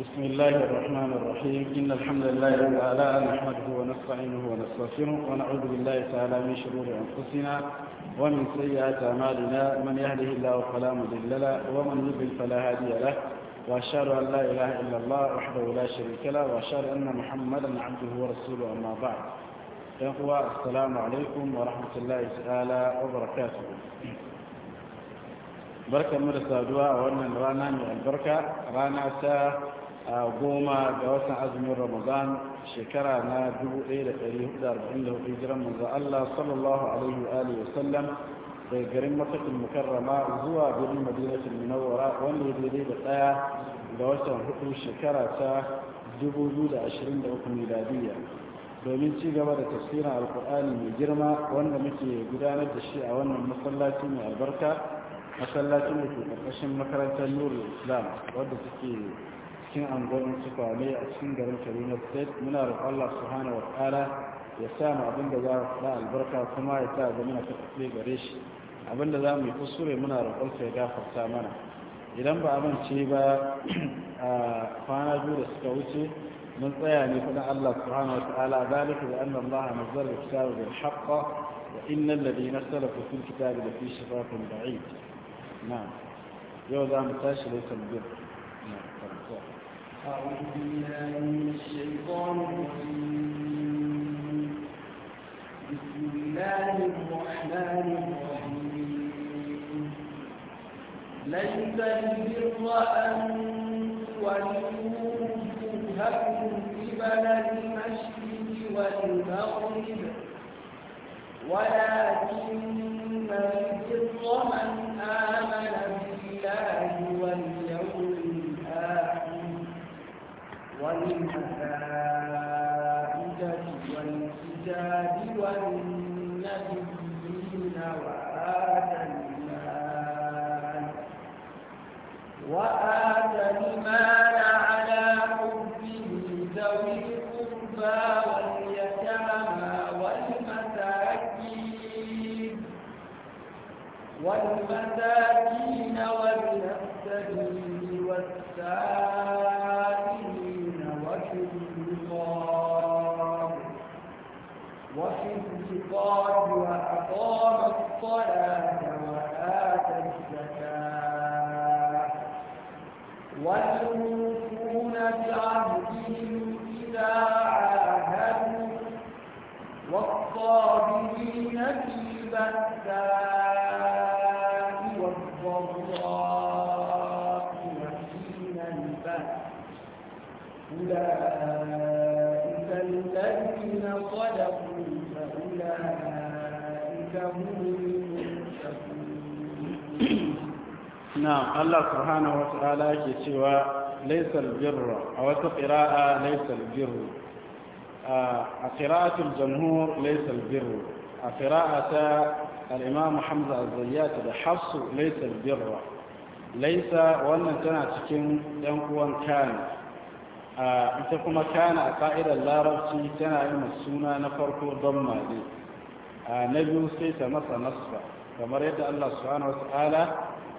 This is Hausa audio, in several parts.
بسم الله الرحمن الرحيم إن الحمد لله رب العالمين نحمده ونستعينه ونستغفره ونعوذ بالله تعالى من شرور أنفسنا ومن سيئات أعمالنا من يهده الله فلا مضل له ومن يضلل فلا هادي له وأشهد أن لا إله إلا الله وحده لا شريك له وأشهد أن محمدا عبده ورسوله أما بعد إخوة السلام عليكم ورحمة الله تعالى وبركاته بركة مرسى دعاء وأن رانا من البركة رانا ساعة goma ga watan azumin ramadan shekara na 1444 jiran manzo Allah sallallahu alaihi wa alihi wasallam daga garin masakin mukarrama zuwa birnin madinatul munawwara wanda ya daidai da daya ga watan hudu shekara ta 2023 miladiya domin ci gaba da tafsirin alkur'ani mai girma wanda muke gudanar da shi a wannan masallaci mai albarka masallacin da ke karkashin makarantar nurul islam wadda suke cikin angonin suka ne a cikin garin Karina state muna roƙon allah subhanahu wa ta'ala ya sa mu abin da za mu faɗa albarka kuma ya sa ga muna tafi gare shi abin da za mu yi kusure muna roƙon sa ya gafarta mana idan ba abin ce ba a kwana biyu da suka wuce mun tsaya ne kuma Allah subhanahu wa ta'ala من ثاني فدع الله سبحانه وتعالى ذلك لأن الله نزل الكتاب بالحق وإن الذين اختلفوا في shifatin ba'id na yau za mu tashi da البر أعوذ من الشيطان بسم الله الرحمن الرحيم ليس البر أن تولوا قبل المشرق والمغرب ولكن البر من آمن بالله والمغرب والملائكة والكتاب والنبيين وآتى المال وآتى المال على حبه ذوي القربى واليتامى والمساكين والمساكين وابن السبيل والسائل الله وأقام الصلاة وآتى الزكاة والموفون بعهدهم إذا عاهدوا والصابرين في بأسهم na Allah subhanahu wa ta'ala ke cewa laisal birra a wata qira'a laisal birra. a qira'atul jamhur laisal birra. a qira'ata ta imam Hamza az da Hafsu laisal birra laisa wannan tana cikin ɗan uwan kana ita kuma kane a ƙa'idar larabci tana yin suna na farko don mali na biyu sai ta masa kamar yadda Allah subhanahu wa ta'ala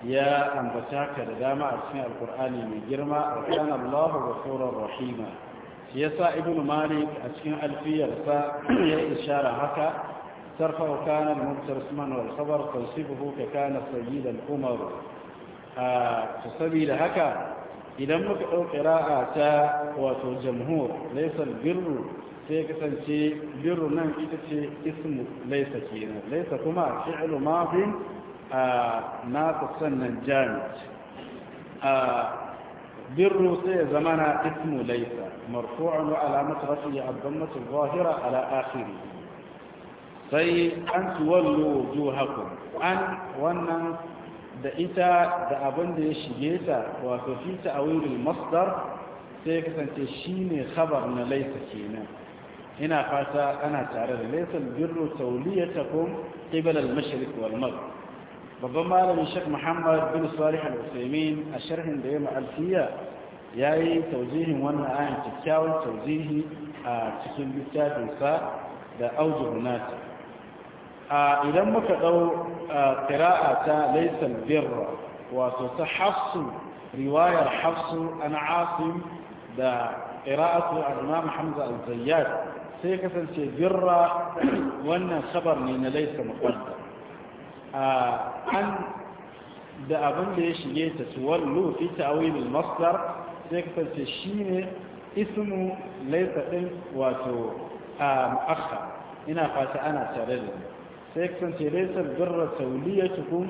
ya ambata ka da dama a cikin alkur'ani mai girma a kana Allahu ghafurur rahima shi yasa ibn malik a cikin alfiyarsa ya ishara haka sarfa kana al-mubtar isman wal khabar tawsifuhu ka kana sayyid umar a sabida haka idan muka dauki ra'a ta wato jamhur laysa al-birru sai kasance birru nan ita ce ismu laisa kenan laisa kuma fi'lu mafin a nasa sannan jami'i a birru sai ya zama na ismu laisa marfu'un wa alamatu rashin ya abdammatu zahira ala akhiri sai an tuwallo wujuhakum an wannan da ita da abin da ya shige ta wato fi ta'awilul masdar sai kasance shine khabar na laisa kenan ina fata ana tare da laysal birru tawliyatakum qibla al-mashriq wal maghrib babban malamin Sheikh Muhammad bin Salih al-Uthaymeen a sharhin da ya ma'alfiya yayi tawjihin wannan ayan kikkiawan tawjihi a cikin littafinsa da aujuhu nasa a idan muka dau qira'a ta laysal birra wato ta hafsu riwayar hafsu ana asim da qira'atu al-imam Hamza al-Zayyad sai kasance birra wannan sabar ne na laisa makwanta an da abin da ya shige ta tuwallu fi ta'awilil sai kasance shine ne laisa din wato mu'akhkhar ina fata ana tare da ni sai kasance laisa birra tawliyatukum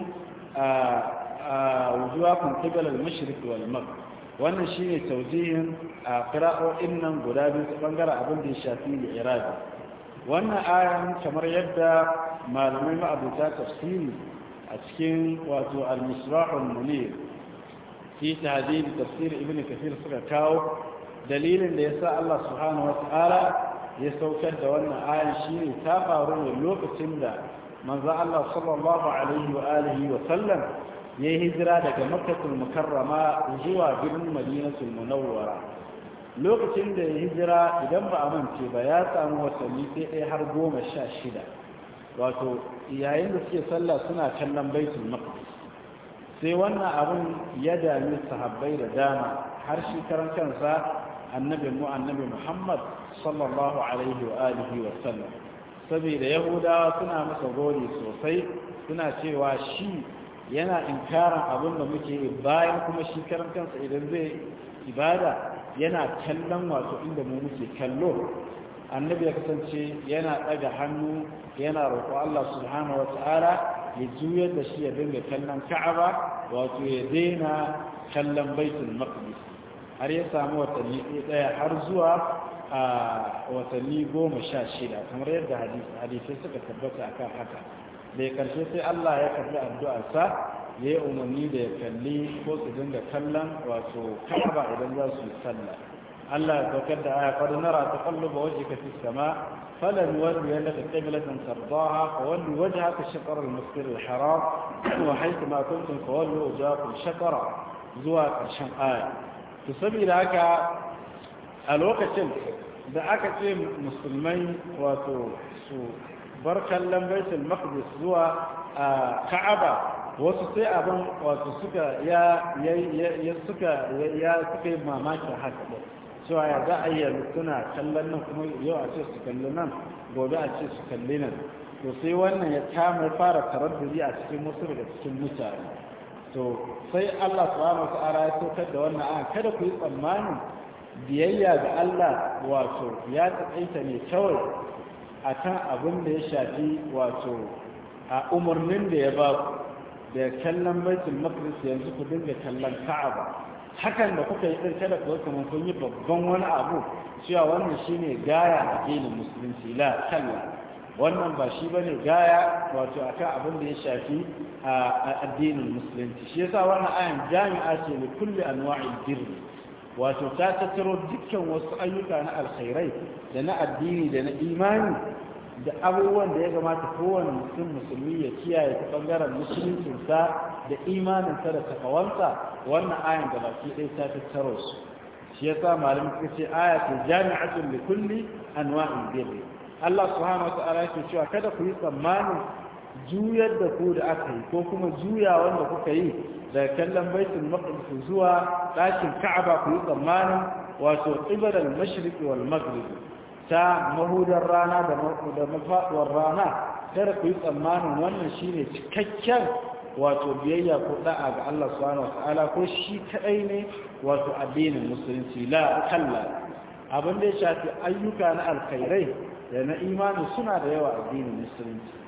wujuhakum qibala al-mashriq wal maghrib wannan shine taujihin a qira'o'in nan guda biyu ta bangare abin da ya shafi irabi wannan ayan kamar yadda malamai ma'abuta tafsiri a cikin wato al-misra'ul munir fi tahdid tafsir ibn kathir suka kawo dalilin da yasa Allah subhanahu wata'ala ya saukar da wannan ayan shine ta faru ne lokacin da manzo Allah sallallahu alaihi wa alihi wa sallam ya yi hijira daga makkatul mukarrama zuwa birnin madinatul munawwara lokacin da ya hijira idan ba a mance ba ya samu watanni sai ɗaya har goma sha shida wato yayin da suke sallah suna kallon baitul maqdis sai wannan abun ya dami sahabbai da dama har shi karan kansa annabi mu annabi muhammad sallallahu alaihi wa alihi wa sallam saboda yahudawa suna masa gori sosai suna cewa shi yana inkarin abin da muke bayan kuma shi karan kansa idan zai ibada yana kallon wato inda mu muke kallo annabi ya kasance yana ɗaga hannu yana roƙo Allah subhanahu wa ta'ala ya juyar da shi ya dinga kallon ka'aba wato ya daina kallon baitul maqdis har ya samu watanni daya har zuwa a watanni goma sha shida kamar yadda hadisai suka tabbata akan haka da karshe sai Allah ya karbi addu'arsa ya yi umarni da ya kalli ko su dinga kallon wato kaba idan za su yi sallah Allah ya saukar da aya qad nara taqalluba wajhika fis sama falan walli yannaka qiblatan tardaha fa walli wajhaka shatr al masjid al haram wa haythu ma kuntum fa walli wujuhakum shatra zuwa karshen aya to saboda haka a lokacin da aka ce musulmai wato su bar kallon baitul maqdis zuwa ka'aba wasu sai abin wasu suka ya ya suka ya suka yi mamakin haka ɗin cewa ya za a yi suna kallon nan kuma yau a ce su kalli nan gobe a ce su kalli nan to sai wannan ya kama fara taraddudi a cikin musu daga cikin mutane to sai Allah subhanahu ta'ala ya tokar da wannan a kada ku yi tsammanin biyayya ga Allah wato ya tsaita ne kawai akan abin da ya shafi wato a umarnin da ya ba da kallon baitul maqdis yanzu ku dinga kallon ka'aba hakan da kuka yi din kada ku kamar kun yi babban wani abu cewa wannan shine gaya a dinin musulunci la kalla wannan ba shi bane gaya wato akan abin da ya shafi a addinin musulunci shi yasa wannan ayan jami'a ce ne kulli anwa'il birri wato ta tattaro dukkan wasu ayyuka na alkhairai da na addini da na imani da abubuwan da ya gamata kowane mutum musulmi ya kiyaye ta bangaren musuluncinsa da imaninsa da takawansa wannan ayan da baki ɗaya ta tattaro su shi yasa malam suka ce aya ce jami'atun li kulli anwa'in birri Allah subhanahu wa ta'ala yake cewa kada ku yi tsammanin juyar da ku da aka yi ko kuma juya wanda kuka yi daga kallon baitul maqdis zuwa ɗakin ka'aba ku yi tsammanin wato qibalal mashriq wal maghrib ta mahudar rana da da rana kada ku tsammanin wannan shine cikakken wato biyayya ko da'a ga Allah subhanahu wataala ko shi kadai ne wato addinin musulunci la kalla abin da ya shafi ayyuka na alkhairai da na imani suna da yawa addinin musulunci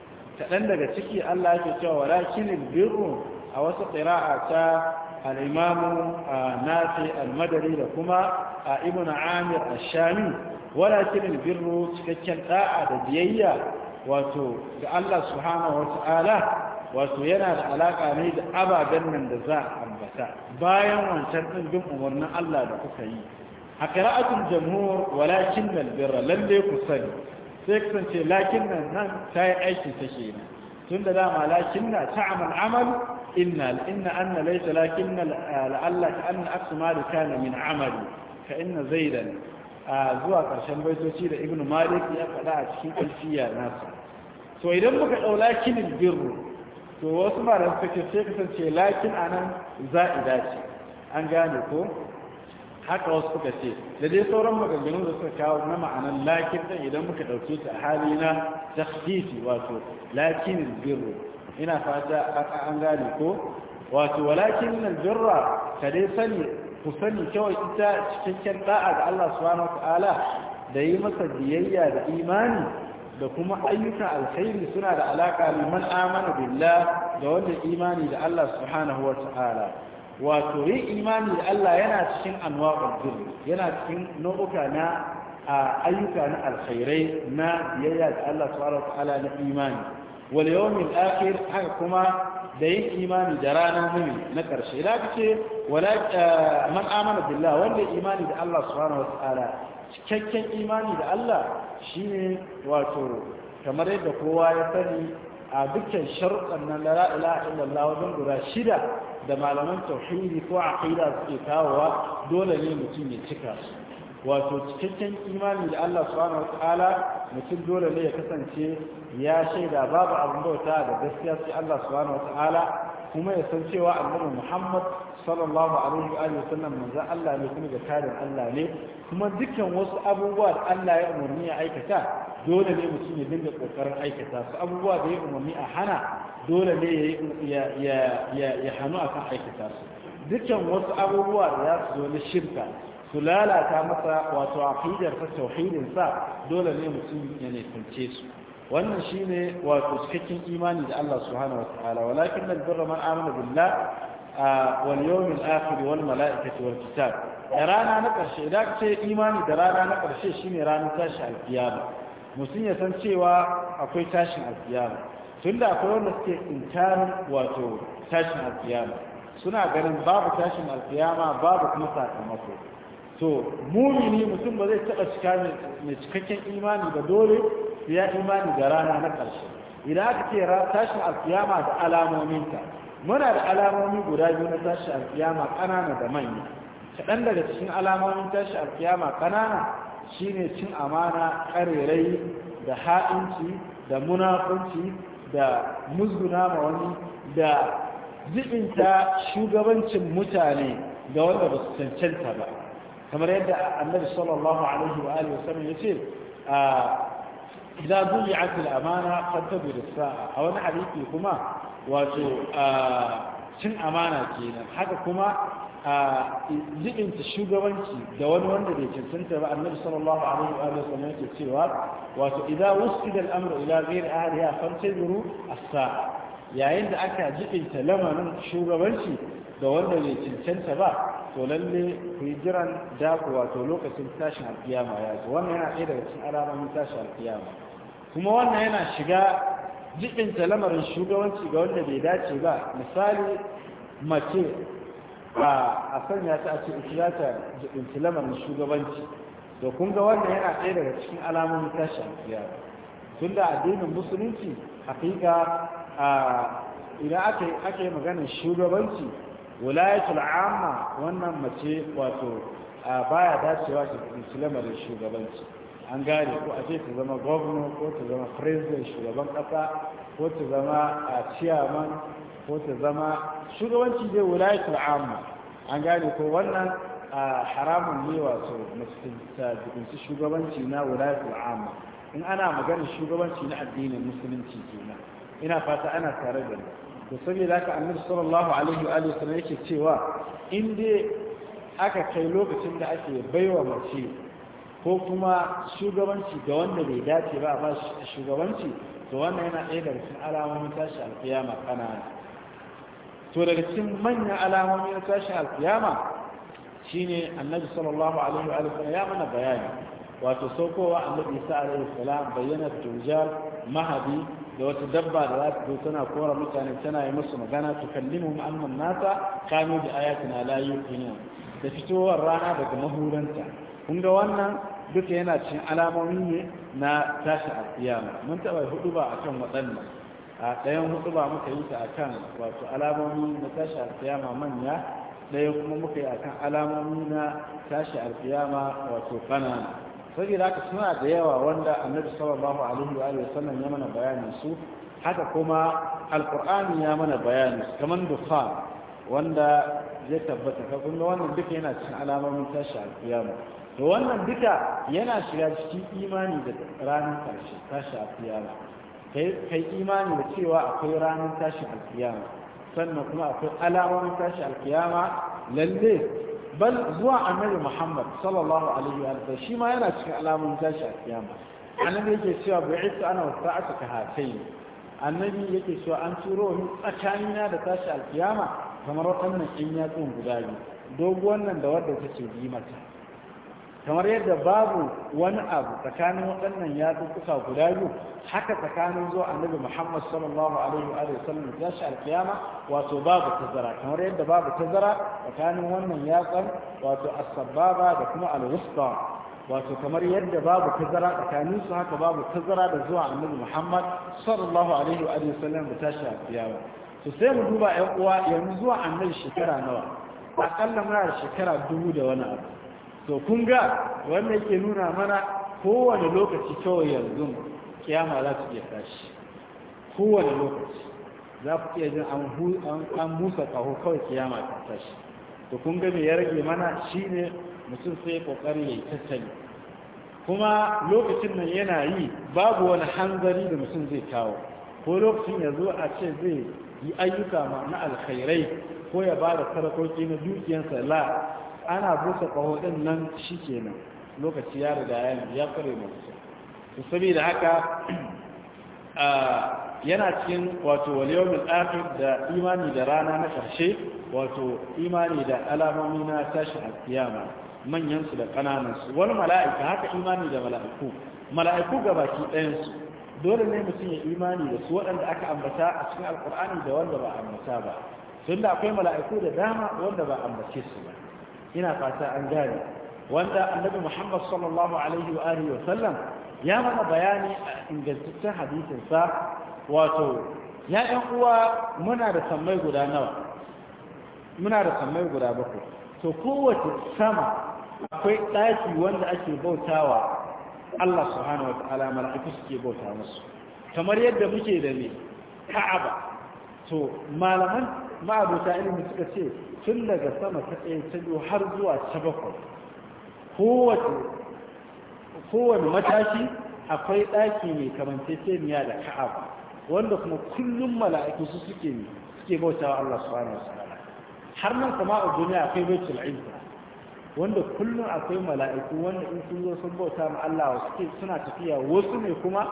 kaɗan daga ciki Allah ke cewa walakinin birru a wasu ƙira'a ta al'imamu nafi almadari da kuma a ibn amir ashami walakinin birru cikakken ɗa'a da biyayya wato ga Allah subhanahu wato yana da alaƙa ne da ababen nan da za a ambata bayan wancan ɗin bin umarnin Allah da kuka yi a ƙira'atun jamhur walakin nalbirra lalle ku sani sai kasance lakin nan nan ta yi aiki ta ke nan tun da dama lakin na ta amal amal inna inna anna laisa lakin na la'alla ka anna aksu malik kana min amali ka inna zaidan a zuwa ƙarshen baitoci da ibnu malik ya faɗa a cikin alfiya nasa to idan muka ɗau lakinin birru to wasu malam suke sai kasance lakin nan za'ida ce an gane ko haka wasu suka ce da dai sauran maganganu da suka kawo na ma'anar lakin ɗin idan muka ɗauke ta hali na tafsiri wato lakin birru ina fata an gane ko wato walakin birra ka dai sani ku sani kawai ita cikakken da'a ga Allah subhanahu wataala da yi masa biyayya da imani da kuma ayyukan alkhairi suna da alaka liman amana billah da wanda imani da Allah subhanahu wataala wato yin imani da Allah yana cikin anwa'ul birr yana cikin nau'uka na ayyuka na alkhairai na biyayya da Allah subhanahu wataala na imani wal yawmil akhir haka kuma da yin imani da ranar muni na karshe da kace wala man amana billah wanda imani da Allah subhanahu wataala cikakken imani da Allah shine wato kamar yadda kowa ya sani a dukkan sharuɗan nan la ilaha illallah wajen guda shida da malaman tauhidi ko aqida suke kawowa dole ne mutum ya cika su wato cikakken imani da Allah subhanahu wataala mutum dole ne ya kasance ya shaida babu abin bauta da gaskiya sai Allah subhanahu wataala kuma ya san cewa annabi Muhammad sallallahu alaihi wa sallam manzo Allah ne kuma tarin Allah ne kuma dukkan wasu abubuwa da Allah ya umarni ya aikata dole ne mutum ya dinga kokarin aikata su abubuwa da ya umarni a hana dole ne ya ya ya hannu akan aikata su dukkan wasu abubuwa da za zo na shirka su lalata masa wato aqidar ta tauhidin sa dole ne mutum ya nisance su wannan shine wato cikakken imani da Allah subhanahu wataala walakin albirra man amana billah wal yawmil akhir wal mala'ikati wal kitab da rana na karshe idan ce imani da rana na karshe shine ranar tashi alkiyama mutum ya san cewa akwai tashin alkiyama tunda akwai wanda suke inkarin wato tashin alkiyama suna ganin babu tashin alkiyama babu kuma sakamako to mumini mutum ba zai taɓa cika mai cikakken imani ba dole ya imani ga rana na ƙarshe idan aka ce tashin alkiyama da alamominta muna da alamomi guda biyu na tashin alkiyama ƙanana da manya kaɗan daga cikin alamomin tashin alkiyama ƙanana shine cin amana ƙarerai da ha'inci da munafunci da musguna ma wani da zibinta shugabancin mutane ga wanda ba su cancanta ba kamar yadda annabi sallallahu alaihi wa alihi wa ya ce ah, idan zuyi akil amana fattabi da sa'a a wani hadisi kuma wato cin amana kenan haka kuma jibinta shugabanci da wani wanda bai cancanta ba annabi sallallahu alaihi wa sallam yake cewa wato idan wusida al'amru ila a ahliha fantaziru as-sa'a yayin da aka jibinta lamarin shugabanci da wanda bai cancanta ba to lalle ku yi jiran daku wato lokacin tashin alkiyama ya zo wannan yana ɗaya daga cikin alamomin tashin alkiyama kuma wannan yana shiga jibinta lamarin shugabanci ga wanda bai dace ba misali mace a sanya ta a ce za ta jibinta lamarin shugabanci to kun ga wannan yana ɗaya daga cikin alamomin tashin kiyama tun da addinin musulunci hakika idan aka aka yi maganar shugabanci wulayatul amma wannan mace wato baya dacewa ta lamarin shugabanci an gane ko a ce ta zama gwamna ko ta zama president shugaban kasa ko ta zama a ciyaman ko ta zama shugabanci zai wulayatul amma an gane ko wannan haramun ne wato musulunci shugabanci na wulayatul amma in ana maganar shugabanci na addinin musulunci kenan ina fata ana tare da ni to saboda haka annabi sallallahu alaihi wa sallam yake cewa in dai aka kai lokacin da ake baiwa mace ko kuma shugabanci ga wanda bai dace ba ba shugabanci to wannan yana ɗaya daga cikin alamomin tashi alfiyama ƙanana to daga cikin manyan alamomin tashi alfiyama shine annabi sallallahu alaihi wa sallam ya mana bayani wato saukowa annabi isa alaihi salam bayyana dujal mahadi da wata dabba da za ta zo tana kora mutane tana yi musu magana ta kallimu annan nasa kanu da ayatina la yuqinun da fitowar rana daga mahuranta kun ga wannan duka yana cin alamomi ne na tashi a alkiyama mun taɓa hudu ba a kan waɗannan a ɗayan hudu ba muka yi ta a kan wato alamomi na tashi a alkiyama manya ɗaya kuma muka yi a kan alamomi na tashi a alkiyama wato ƙanana saboda haka suna da yawa wanda annabi sallallahu alaihi wa sallam ya mana bayanin su haka kuma alkur'ani ya mana bayani kamar dukkan wanda ya tabbata kafin wannan duka yana cin alamomin tashi a alkiyama to wannan duka yana shiga cikin imani da ranar ƙarshe tashi alkiyama kai imani da cewa akwai ranar tashi a alkiyama sannan kuma akwai alamomin tashi a alkiyama lalle bal zuwa annabi muhammad sallallahu alaihi wa sallam shi ma yana cikin alamomin tashi a alkiyama annabi yake cewa bu'ithu ana wasa'atu ka hatayn annabi yake cewa an turo ni tsakanina da tashi a alkiyama kamar waɗannan in yatsun guda biyu doguwan nan da wadda take bi mata kamar yadda babu wani abu tsakanin waɗannan yatsuka guda biyu haka tsakanin zuwa annabi Muhammad sallallahu alaihi wa sallam ya shi alkiyama wato babu tazara kamar yadda babu tazara tsakanin wannan yatsan wato as da kuma al-wusta wato kamar yadda babu tazara tsakanin su haka babu tazara da zuwa annabi Muhammad sallallahu alaihi wa sallam da tashi alkiyama to sai mu duba ƴan uwa yanzu zuwa annabi shekara nawa akalla muna da shekara dubu da wani abu to kun ga wannan ke nuna mana kowane lokaci kawai yanzu kiyama za su iya tashi kowane lokaci za ku iya jin an musa kawo kawai kiyama ta tashi to kun ga ya rage mana shine mutum sai kokari ya yi tattali kuma lokacin nan yana yi babu wani hanzari da mutum zai kawo ko lokacin ya zo a ce zai yi ayyuka na alkhairai ko ya ba da sarakoki na dukiyansa la ana busa ƙaho ɗin nan shi kenan lokaci ya riga ya ya kare mu to saboda haka yana cikin wato waliyomil akhir da imani da rana na karshe wato imani da alamomi na tashin alkiyama manyan su da kananan su wani mala'ika haka imani da mala'iku mala'iku gabaki ɗayan su dole ne mutum ya imani da su waɗanda aka ambata a cikin alkur'ani da wanda ba ambata ba tunda akwai mala'iku da dama wanda ba ambace su ba ina fata an gane wanda annabi muhammad sallallahu alaihi wa alihi wa sallam ya mana bayani a ingantaccen hadisinsa wato ya ɗan uwa muna da sammai guda nawa muna da sammai guda bakwai to kowace sama akwai ɗaki wanda ake bautawa Allah subhanahu wa ta'ala mala'iku suke bauta musu kamar yadda muke da ne ka'aba to malaman ma'abuta ilimi suka ce tun daga sama ta tsaye ta biyu har zuwa ta bakwai kowane matashi akwai ɗaki mai kamance miya da ka'aba wanda kuma kullum mala'iku su suke ne suke bauta wa Allah subhanahu ta'ala har nan kama a duniya akwai baitul izza wanda kullum akwai mala'iku wanda in sun zo sun bauta ma Allah suke suna tafiya wasu ne kuma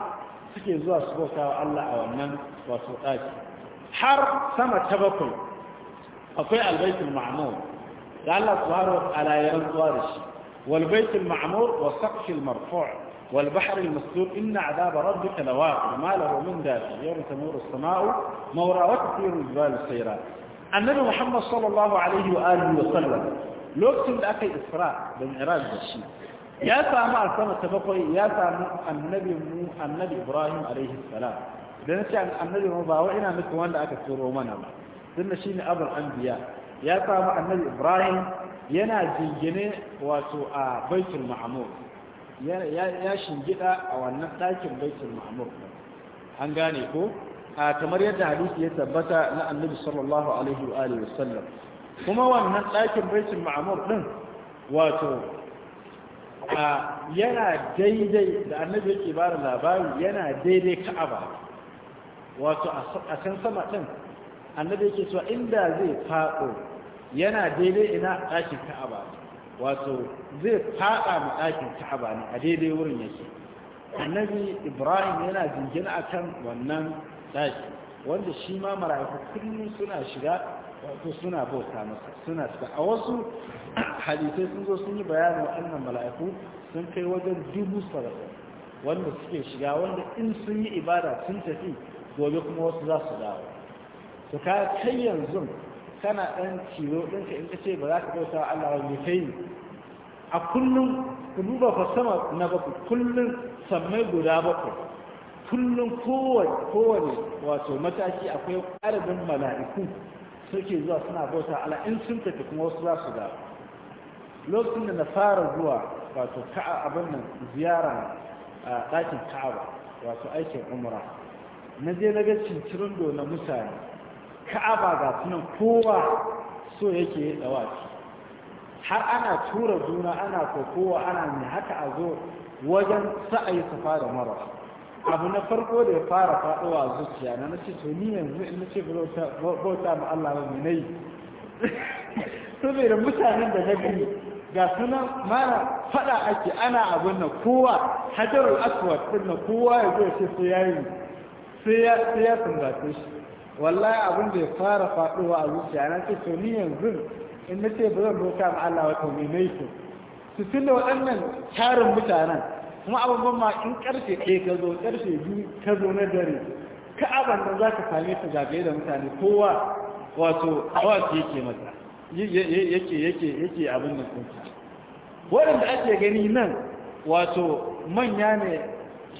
suke zuwa su bauta wa Allah a wannan wasu ɗaki حر سما تبكل bakwai البيت المعمور قال da على يد wa ta'ala والبيت المعمور والسقف المرفوع والبحر المسدود إن عذاب ربك لواقع ما له من ذلك يوم تمور السماء مورا وتطير الجبال السيرات النبي محمد صلى الله عليه وآله وسلم لوكتن لأكي إسراء بمعراج الشيء يا سامع السماء تبقي يا سامع النبي النبي إبراهيم عليه السلام da na ce annabi ma ba wai ina nufin wanda aka turo mana ba tun da shine an biya. ya samu annabi ibrahim yana jingine wato a baitul ma'mur ya shingida a wannan ɗakin baitul ma'mur an gane ko a kamar yadda hadisi ya tabbata na annabi sallallahu alaihi wa alihi wasallam kuma wannan ɗakin baitul ma'mur din wato yana daidai da annabi yake ba da labari yana daidai ka'aba wato a can sama ɗin annabi yake cewa inda zai faɗo yana daidai ina ɗakin ka'aba wato zai faɗa ma ɗakin ka'aba ne a daidai wurin yake annabi ibrahim yana jingina akan wannan ɗaki wanda shi ma mara'iku kullum suna shiga wato suna bauta masa suna shiga a wasu hadisai sun zo sun yi bayanin waɗannan mala'iku sun kai wajen dubu sarrafa wanda suke shiga wanda in sun yi ibada sun tafi gobe kuma wasu za su dawo to ka kai yanzu kana ɗan ciro ɗinka in ka ce ba za ka bauta wa Allah wani kai a kullum ku fa sama na baku kullum sammai guda bakwai kullum kowane wato mataki akwai ƙarabin mala'iku suke zuwa suna bauta Allah in sun tafi kuma wasu za su dawo lokacin da na fara zuwa wato ka'a abin nan ziyara a ɗakin ka'aba wato aikin umra na je na ga cincirin dole mutane ka'aba ga sunan kowa so yake yi dawaki har ana tura juna ana kokowa ana ne haka a zo wajen sa'ayi ta fara mara. abu na farko da ya fara faɗowa zuciya na nace to ni yanzu in nace bauta ma Allah ba mai nayi saboda mutanen da na gani ga sunan mara faɗa ake ana abin na kowa hajarul aswad din na kowa ya zo ya ce so yayi sai ya sai sumbace shi wallahi abin da ya fara faɗowa a zuciya na ce to ni yanzu in na ce ba zan doka ma Allah wato me mai to su tunda waɗannan tarin mutanen kuma abubuwan ma in ƙarshe ɗaya ka zo ƙarshe biyu ka zo na dare ka'aban nan za ka same ta zagaye da mutane kowa wato awaki yake mata yake yake yake abin nan waɗanda ake gani nan wato manya ne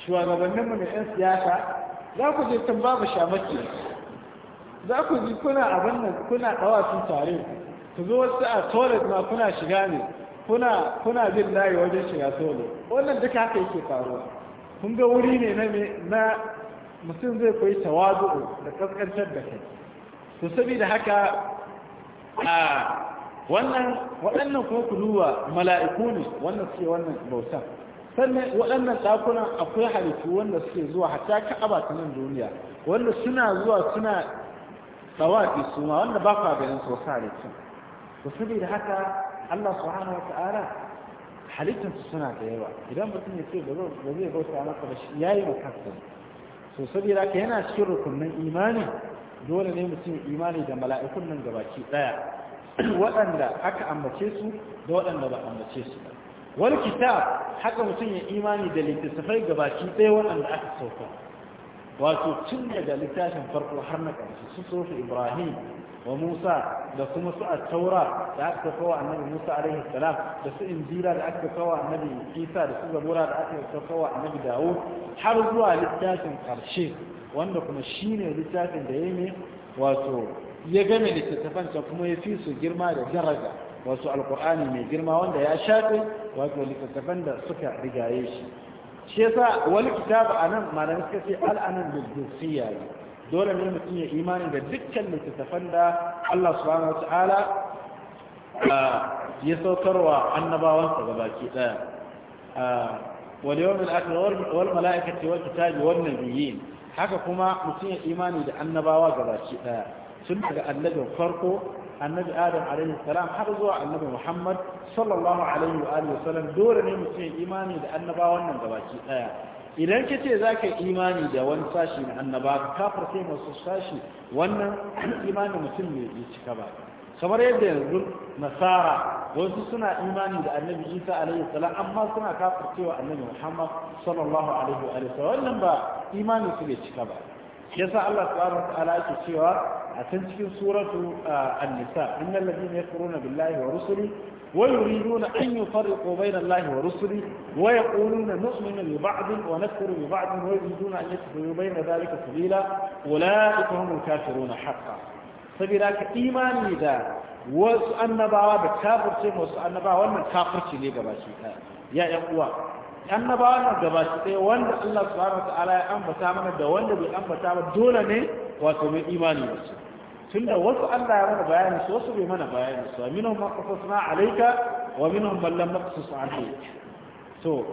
shugabanninmu na 'yan siyasa za ku je can babu shamaki za ku ji kuna abin nan kuna ɗawafin tare ku zo wasu a toilet ma kuna shiga ne kuna kuna bin layi wajen shiga solo wannan duka haka yake faruwa kun ga wuri ne na na mutum zai koyi tawazu da kaskantar da kai to saboda haka a wannan waɗannan kuma ku mala'iku ne wannan suke wannan bautar sannan waɗannan ɗakunan akwai halittu wanda suke zuwa hatta ka'aba ta nan duniya wanda suna zuwa suna tsawafi su ma wanda ba kwa ganin su wasu halittun to saboda haka Allah subhanahu wata'ala halittun su suna da yawa idan mutum ya ce ba zai bauta maka ba shi yi ma su so saboda haka yana cikin rukunin imani dole ne mutum imani da mala'ikun nan gabaki ɗaya waɗanda aka ambace su da waɗanda ba ambace su ba wani kitab haka mutum ya imani da littattafai gabaki ɗaya waɗanda aka sauka wato tun daga littafin farko har na ƙarshe su sofi ibrahim wa musa da kuma su a taura da aka kawo annabi musa alaihi salam da su injira da aka kawo annabi isa da su zabura da aka kawo annabi dawo, har zuwa littafin ƙarshe wanda kuma shi ne littafin da ya ne wato ya game littattafan kuma ya fi su girma da daraja wasu alkur'ani mai girma wanda ya shafe wato littattafan da suka rigaye shi shi yasa wani kitabu a nan malam suka ce al'anan lujjusiyya ne dole ne mutum ya imani da dukkan littattafan da Allah subhanahu wa ta'ala ya saukarwa annabawansa gabaki daya واليوم الآخر kitabi والكتاب والنبيين haka kuma mutum ya imani da annabawa gabaki daya sun daga annabin farko annabi adam alaihi salam har zuwa annabi muhammad sallallahu alaihi wa alihi wasallam dole ne mutum ya imani da annaba wannan gabaki daya idan ka ce zaka yi imani da wani sashi na annaba kafar sai masu sashi wannan imani mutum ne ya cika ba kamar yadda yanzu nasara wasu suna imani da annabi isa alaihi salam amma suna kafar cewa annabi muhammad sallallahu alaihi wa alihi wannan ba imani su bai cika ba yasa Allah subhanahu wa ta'ala yake cewa a can cikin suratu an-nisa innal ladina yakfuruna billahi wa rusuli wa yuriduna an yufarriqu bayna allahi wa rusuli wa yaquluna nu'minu bi ba'd wa nakfuru bi ba'd wa yuriduna an yatkhulu bayna dhalika sabila ulaika humul kafiruna haqqan sabila ka imani da wasu annabawa da kafirce wasu annabawa wannan kafirci ne gaba shi ya yan uwa annabawa na gabata sai wanda Allah subhanahu ta'ala ya ambata mana da wanda bai ambata ba dole ne wato mai imani da su tunda wasu Allah ya mana bayani su wasu bai mana bayani su minhum ma qasasna alayka wa minhum man lam naqsus So,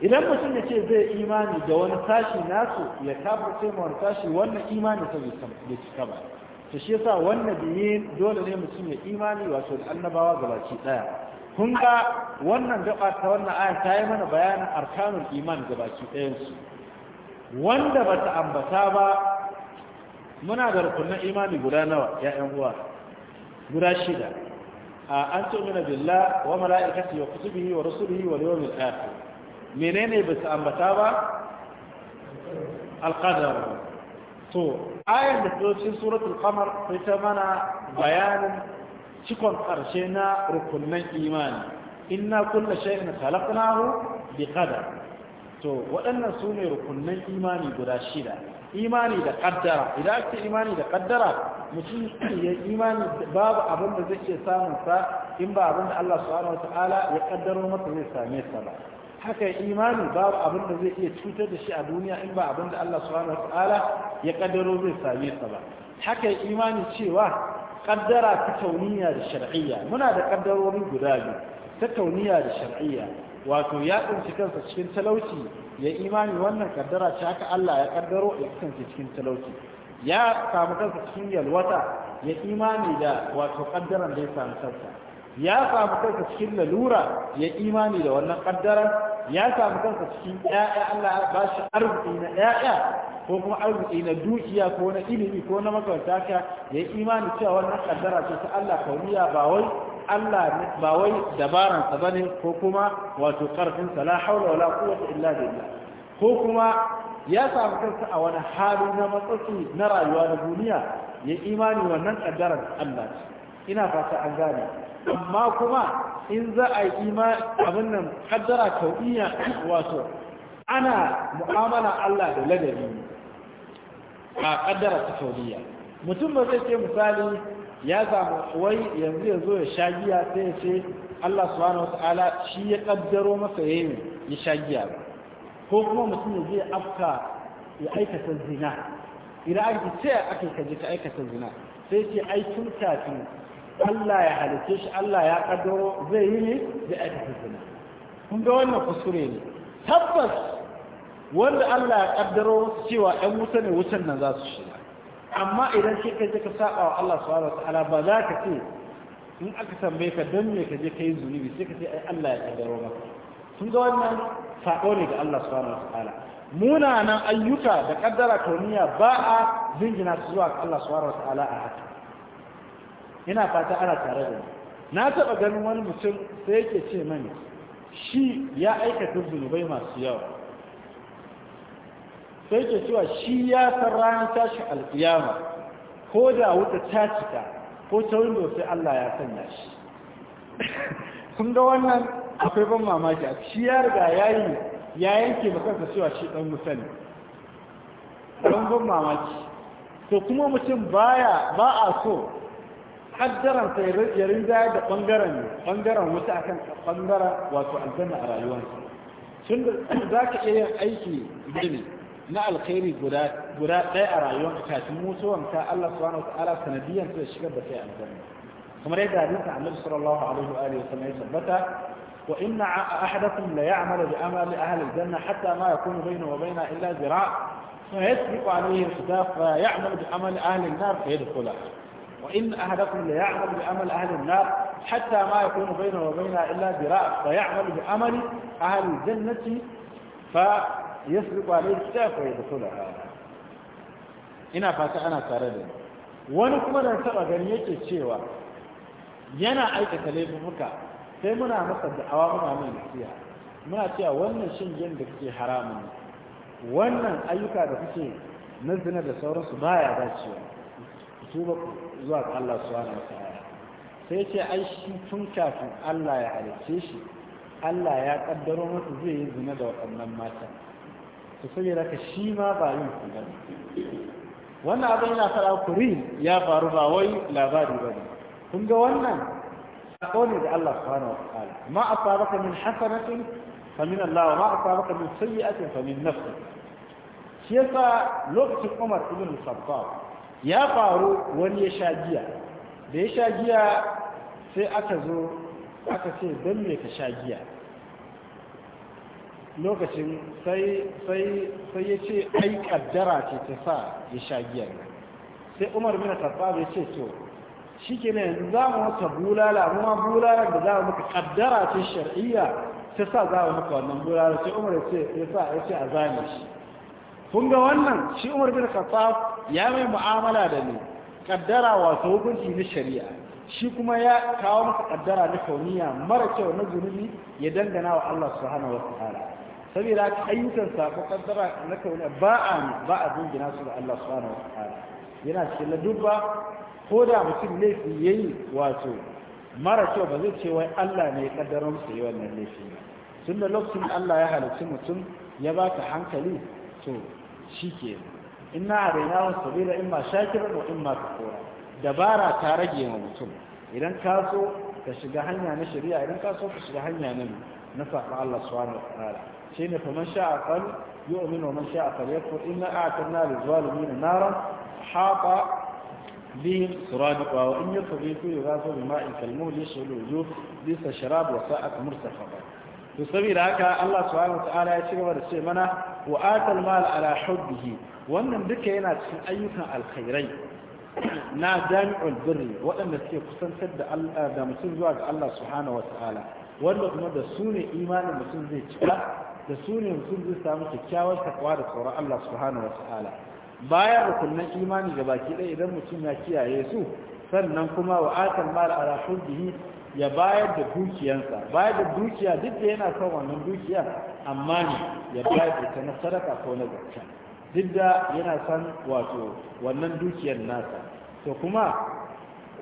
idan mutum ya ce zai imani da wani sashi nasu ya tabbata ma wani sashi, wannan imani sa bai cika ba to shi yasa wannan biyin dole ne mutum ya imani wato da annabawa gabaki daya kun ga wannan gaba ta wannan aya ta yi mana bayanin arkanul iman gabaki ɗayansu wanda ba ta ambata ba muna da rukunan imani guda nawa ya'yan uwa guda shida a an ce tumina billah wa mala'ikati wa kutubihi wa rusulihi wa yawmil akhir menene ba ta ambata ba alqadar to ayan da ta cikin suratul qamar sai ta mana bayanin cikon ƙarshe na rukunnan imani inna kulla shay'in khalaqnahu biqadar to waɗannan su ne rukunnan imani guda shida imani da ƙaddara idan ake imani da ƙaddara mutum ya imani babu abin da zai iya samun sa in ba abin da Allah subhanahu wata'ala ya ƙaddaro masa zai same sa ba haka imani babu abin da zai iya cutar da shi a duniya in ba abin da Allah subhanahu wata'ala ya ƙaddaro zai same sa ba haka imani cewa kaddara ta da shar'iyya muna da kaddarori guda biyu ta tauniya da shar'iyya wato ya kunci kansa cikin talauci ya imani wannan kaddara ce haka Allah ya kaddaro ya kasance cikin talauci ya samu kansa cikin yalwata ya imani da wato kaddaran da ya samu kansa ya samu kansa cikin lalura ya imani da wannan kaddara ya samu kansa cikin ƴaƴa Allah ya ba shi arziki na ƴaƴa ko kuma arziki na dukiya ko na ilimi ko na makaranta ka ya imani cewa wannan kaddara ce ta Allah kauniya ba wai Allah ba wai dabaran sa bane ko kuma wato karfin sa la haula wala quwwata illa billah ko kuma ya samu kansa a wani hali na matsatsi na rayuwa na duniya ya imani wannan kaddarar Allah ce ina fata an gane amma kuma in za a yi abin nan kaddara kauɗiya wato ana mu'amala Allah da ladabi a kaddara ta mutum ba zai ce misali ya samu wai yanzu ya zo ya sha giya sai ya ce Allah subhanahu wata'ala shi ya kaddaro masa yayin ya sha giya ba ko kuma mutum ya je afka ya aikata zina idan aka ce aka kaje ka aikata zina sai ce ai tun Allah ya halice shi Allah ya kaddaro zai yi ne da aka zina kun ga wannan kuskure ne tabbas wanda Allah ya kaddaro cewa ɗan wuta ne wutan nan za su shiga amma idan shi kai ka saba wa Allah subhanahu wataala ba za ka ce in aka tambaye ka don me ka je kai zunubi sai ka ce ai Allah ya kaddaro ba kun ga wannan sabo ne ga Allah subhanahu wataala munanan ayyuka da kaddara kauniya ba a jingina su zuwa Allah subhanahu wataala a haka ina fata ana tare da ni na taɓa ganin wani mutum sai yake ce mani shi ya aikata zunubai masu yawa sai yake cewa shi ya san ranar tashi alƙiyama ko da wuta ta cika ko ta windo sai Allah ya sanya shi kun ga wannan akwai ban mamaki shi ya riga ya yi ya yanke makarsa cewa shi ɗan wuta ne ɗan ban mamaki to kuma mutum baya ba a so kaddaran sai ya rinja da bangaren bangaren wuta akan bangaren wato aljanna a rayuwarsa tun da za ka iya yin aiki gini na alkhairi guda ɗaya a rayuwarka kafin mutuwanka Allah subhanahu wa ta'ala sanadiyan sai shigar da kai aljanna kamar yadda hadisi annabi sallallahu alaihi wa alihi wasallam ya tabbata wa inna ahadakum la ya'malu bi amali ahli aljanna hatta ma yakunu bainahu wa bainaha illa zira' فيسبق عليه الخلاف فيعمل بعمل أهل النار فيدخلها وإن أهلكم ليعمل بعمل أهل النار حتى ما يكون بينه وبينها إلا ذراع فيعمل بعمل أهل الجنة فيسبق عليه الساق ويدخلها ina fata ana tare da wani kuma da taba gani yake cewa yana aikata laifuka sai muna masa da'awa muna mai nasiha muna cewa wannan shin jin da kake haramun wannan ayyuka da kake nazina da sauransu baya dacewa ba ku zuwa ga Allah subhanahu wataala sai ce ai shi tun kafin Allah ya halicce shi Allah ya kaddaro masa zai yi zina da waɗannan matan su saboda raka shi ma ba yin su ba wannan abin yana fara kuri ya faru ba wai labari ba ne kun ga wannan sako ne da Allah subhanahu wataala ma asabaka min hasanatin fa min Allah wa ma asabaka min sayyi'atin fa min nafsik shi yasa lokacin Umar ibn Khattab ya faru wani ya sha giya da ya sha giya sai aka zo aka ce don me ka sha giya lokacin sai ya ce ai kaddara ce ta sa ya sha giyar sai umar mina khattab bai ce to ke yanzu za mu maka bulala amma bulala da za mu maka kaddara ce shari'a ta sa za mu maka wannan bulala sai umar ya ce ya sa ya ce a zane shi kun ga wannan shi umar bin khattab ya mai mu'amala da ni kaddara wato hukunci na shari'a shi kuma ya kawo masa kaddara na kauniya mara kyau na zunubi ya dangana wa Allah subhanahu ta'ala saboda ayyukan sa ko kaddara na kauniya ba a ba a dangana su da Allah subhanahu ta'ala yana cikin ladubba ko da mutum laifi yayi wato mara kyau ba zai ce wai Allah ne ya kaddara masa yi wannan laifi tunda lokacin Allah ya halarci mutum ya baka hankali to shi ke ina a raina wasu sabila in ma shakirar wa in ma kafura dabara ta rage ma mutum idan ka so ka shiga hanya na shari'a idan ka so ka shiga hanya na na saɓa Allah subhanahu wa ta'ala shi ne faman sha'a fal yu'min wa man sha'a fal yakfur inna a'tadna lil zalimin naran hata بهم سرادقها وإن يطغيثوا ne بماء كالمهل يشعل الوجوه wasa aka murtafa ba. to saboda haka Allah subhanahu wataala ya ci gaba da ce mana wa atal mal ala hubbihi wannan duka yana cikin ayyukan alkhairai na jami'ul birri waɗanda suke kusantar da Allah da mutum zuwa ga Allah subhanahu wataala wanda kuma da su ne imanin mutum zai cika da su ne mutum zai samu kyakkyawar takwa da tsoron Allah subhanahu wataala bayan rukunan imani ga baki ɗaya idan mutum ya kiyaye su sannan kuma wa atal mal ala hubbihi ya bayar da dukiyansa bayar da dukiya duk da yana son wannan dukiya amma ne ya bayar da ta na sadaka ko na zakka duk da yana son wato wannan dukiyar nasa to kuma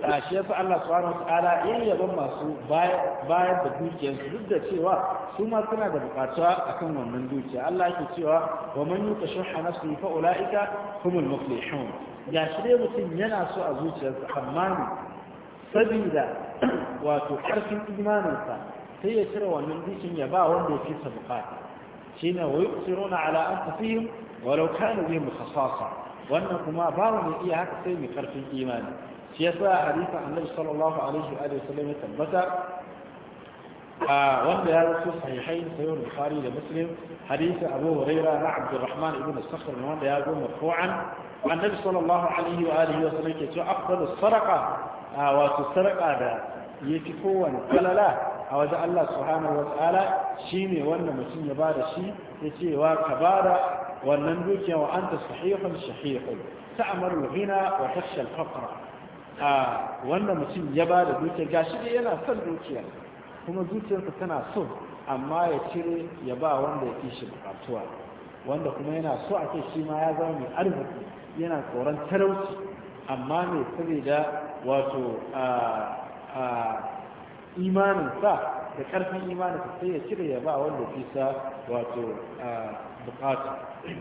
a shi yasa Allah subhanahu wataala ya yaban masu bayar da dukiyarsa duk da cewa su ma suna da bukata akan wannan dukiya Allah yake cewa wa man yuka shuhha nafsi fa ulaika humul muflihun ya shirye mutum yana so a zuciyarsa amma ne sabida wato karfin imaninsa sai ya cire wannan dishin ya ba wanda yake sa bukata shine wa yusiruna ala anfusihim walau kanu bihim khasasa wannan kuma ba wani iya haka sai mai karfin imani shi yasa hadisin annabi sallallahu alaihi wa sallam ya tabbata a wanda ya rasu sahihain sayyid bukhari da muslim hadisi abu huraira na abdurrahman ibn sakhr wanda ya zo marfu'an annabi sallallahu alaihi wa alihi wa sallam ke cewa afdalu sadaqa wato sadaqa da ya fi kowane falala a wajen Allah subhanahu wa ta'ala shine wannan mutum ya bada shi ya ce wa ka bada wannan dukiya wa anta sahihun shahihun ta'amaru hina wa tashal faqra a mutum ya bada dukiya gashi dai yana son dukiya kuma zuciyarsa tana so amma ya cire ya ba wanda ya kishi bukatuwa wanda kuma yana so a kai shi ma ya zama mai arziki yana tsoron talauci amma mai saboda wato sa da ƙarfin imaninsa sai ya cire ya ba wanda fisa wato bukatu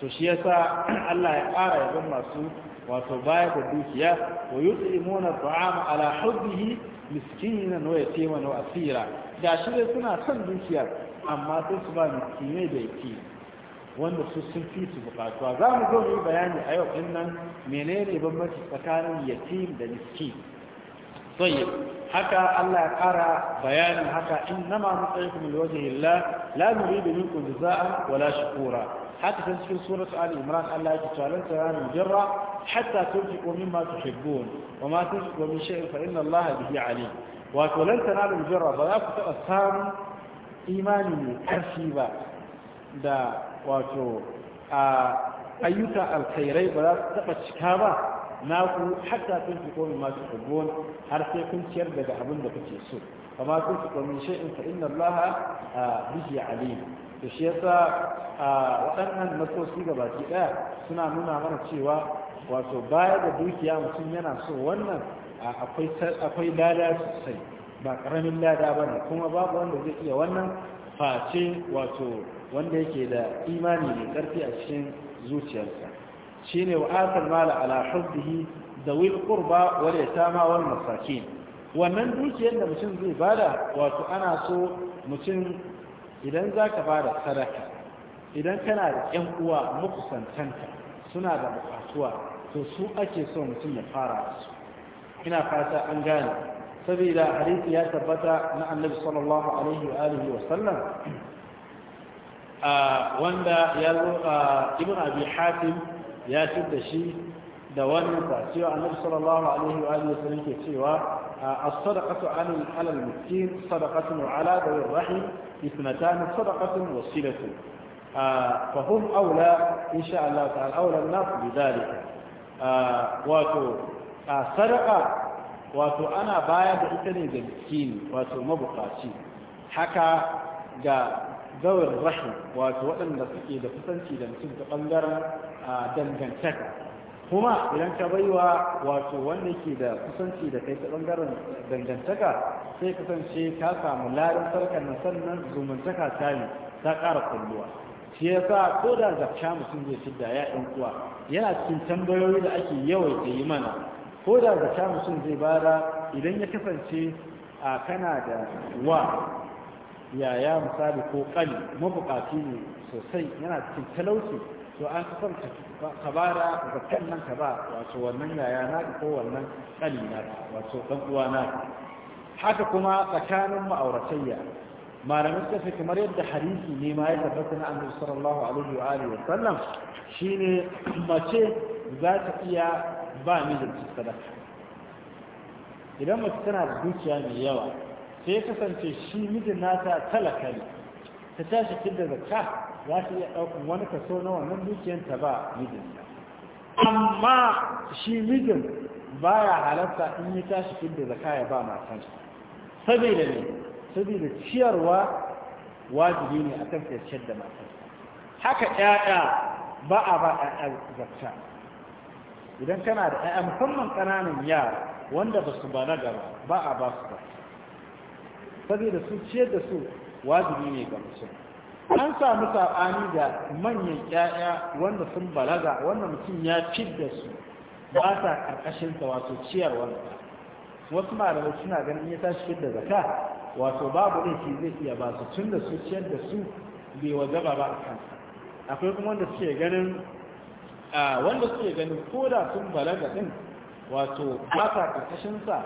to shi yasa Allah ya ƙara yaban masu wato baya da dukiya wa yut'imuna at'ama ala hubbihi miskinan wa yatiman wa asira da shi suna son dukiya amma sai su ba miskine da yake wanda su sun fi su bukatuwa za mu zo mu bayani a yau din nan menene bambanci tsakanin yatim da miskin طيب حكى الله قرى بيانا حكى إنما نطعكم لوجه الله لا نريد منكم جزاء ولا شكورا حتى تنسكن سورة آل إمران الله تعالى سلام جرة حتى تنفقوا مما تحبون وما تنفقوا من شيء فإن الله به عليم ولن تنالوا الجرة فلا تتأثار إيماني كرشيبا دا واتو آه أيوتا الخيري فلا تتأثار Na ku hatta kun fi komi masu tuhibbun har sai kun ciyar daga abin da kuke so kama kun fi komi in fa inna allaha bihi alim to shi yasa waɗannan nasosi gabaki ɗaya suna nuna mana cewa wato baya da dukiya mutum yana so wannan akwai lada sosai ba karamin lada ba ne kuma babu wanda zai iya wannan face wato wanda yake da imani mai ƙarfi a cikin zuciyarsa shine wa atal mala ala hubbihi dawil qurba wal yatama wal masakin wannan dukiyar da mutum zai bada wato ana so mutum idan zaka bada sadaka idan kana da 'yan uwa mukusantanta suna da bukatuwa to su ake so mutum ya fara su ina fata an gane saboda hadisi ya tabbata na annabi sallallahu alaihi wa alihi wa sallam wanda ya zo ibn abi hatim ya fi da shi da wannan ta cewa annabi sallallahu alaihi wa alihi wasallam ke cewa as-sadaqatu alal alal miskin sadaqatun ala dawir rahim ithnatan sadaqatun wasilatu fa hum aula insha Allah ta'ala aula an-nas bi dhalika wato sadaqa wato ana bayar da ita ne ga miskin wato mabukaci haka ga dawir ra'hi wato waɗanda suke da kusanci da mutum ta ɓangaren dangantaka kuma idan ka baiwa wato wanda ke da kusanci da kai ta bangaren dangantaka sai kasance ta samu larin sarkar na sannan zumuntaka ta ne ta ƙara kulluwa shi ya sa ko da zafca mutum zai fidda da ɗan uwa yana cikin tambayoyi da ake da yi mana ko da zafca mutum zai bara idan ya kasance a kana da wa yaya misali ko kani mabukaci ne sosai yana cikin talauci to an san ka da zakkan nan ka ba wato wannan yaya na ko wannan kani na wato dan uwa na haka kuma tsakanin ma'auratayya malamin suka kamar yadda hadisi ne ma ya tabbata na annabi sallallahu alaihi wa alihi wa sallam shine mace za ta iya ba mijinta sadaka idan mace tana da dukiya mai yawa sai kasance shi mijin nata talaka ne ta tashi da zakka za ta iya ɗaukun wani kaso na wannan dukiyanta ta ba mijinta amma shi mijin ba ya halatta in yi tashi fidda zaka ya ba matan saboda ne saboda ciyarwa wajibi ne akan ciyar da matan haka ƴaƴa ba a ba ƴaƴa zakka idan kana da ƴaƴa musamman ƙananan yara wanda ba su na gaba, ba a ba su ba saboda su ciyar da su wajibi ne ga mutum an samu saɓani da manyan ƴaƴa wanda sun balaga wanda mutum ya cid da su ba sa ƙarƙashin sa wato ciyarwar wasu malamai suna ganin ya tashi da zakka wato babu laifi zai iya ba su tun da su ciyar da su bai wajaba ba a kansa akwai kuma wanda suke ganin wanda suke ganin ko da sun balaga din wato ba sa ƙarƙashin sa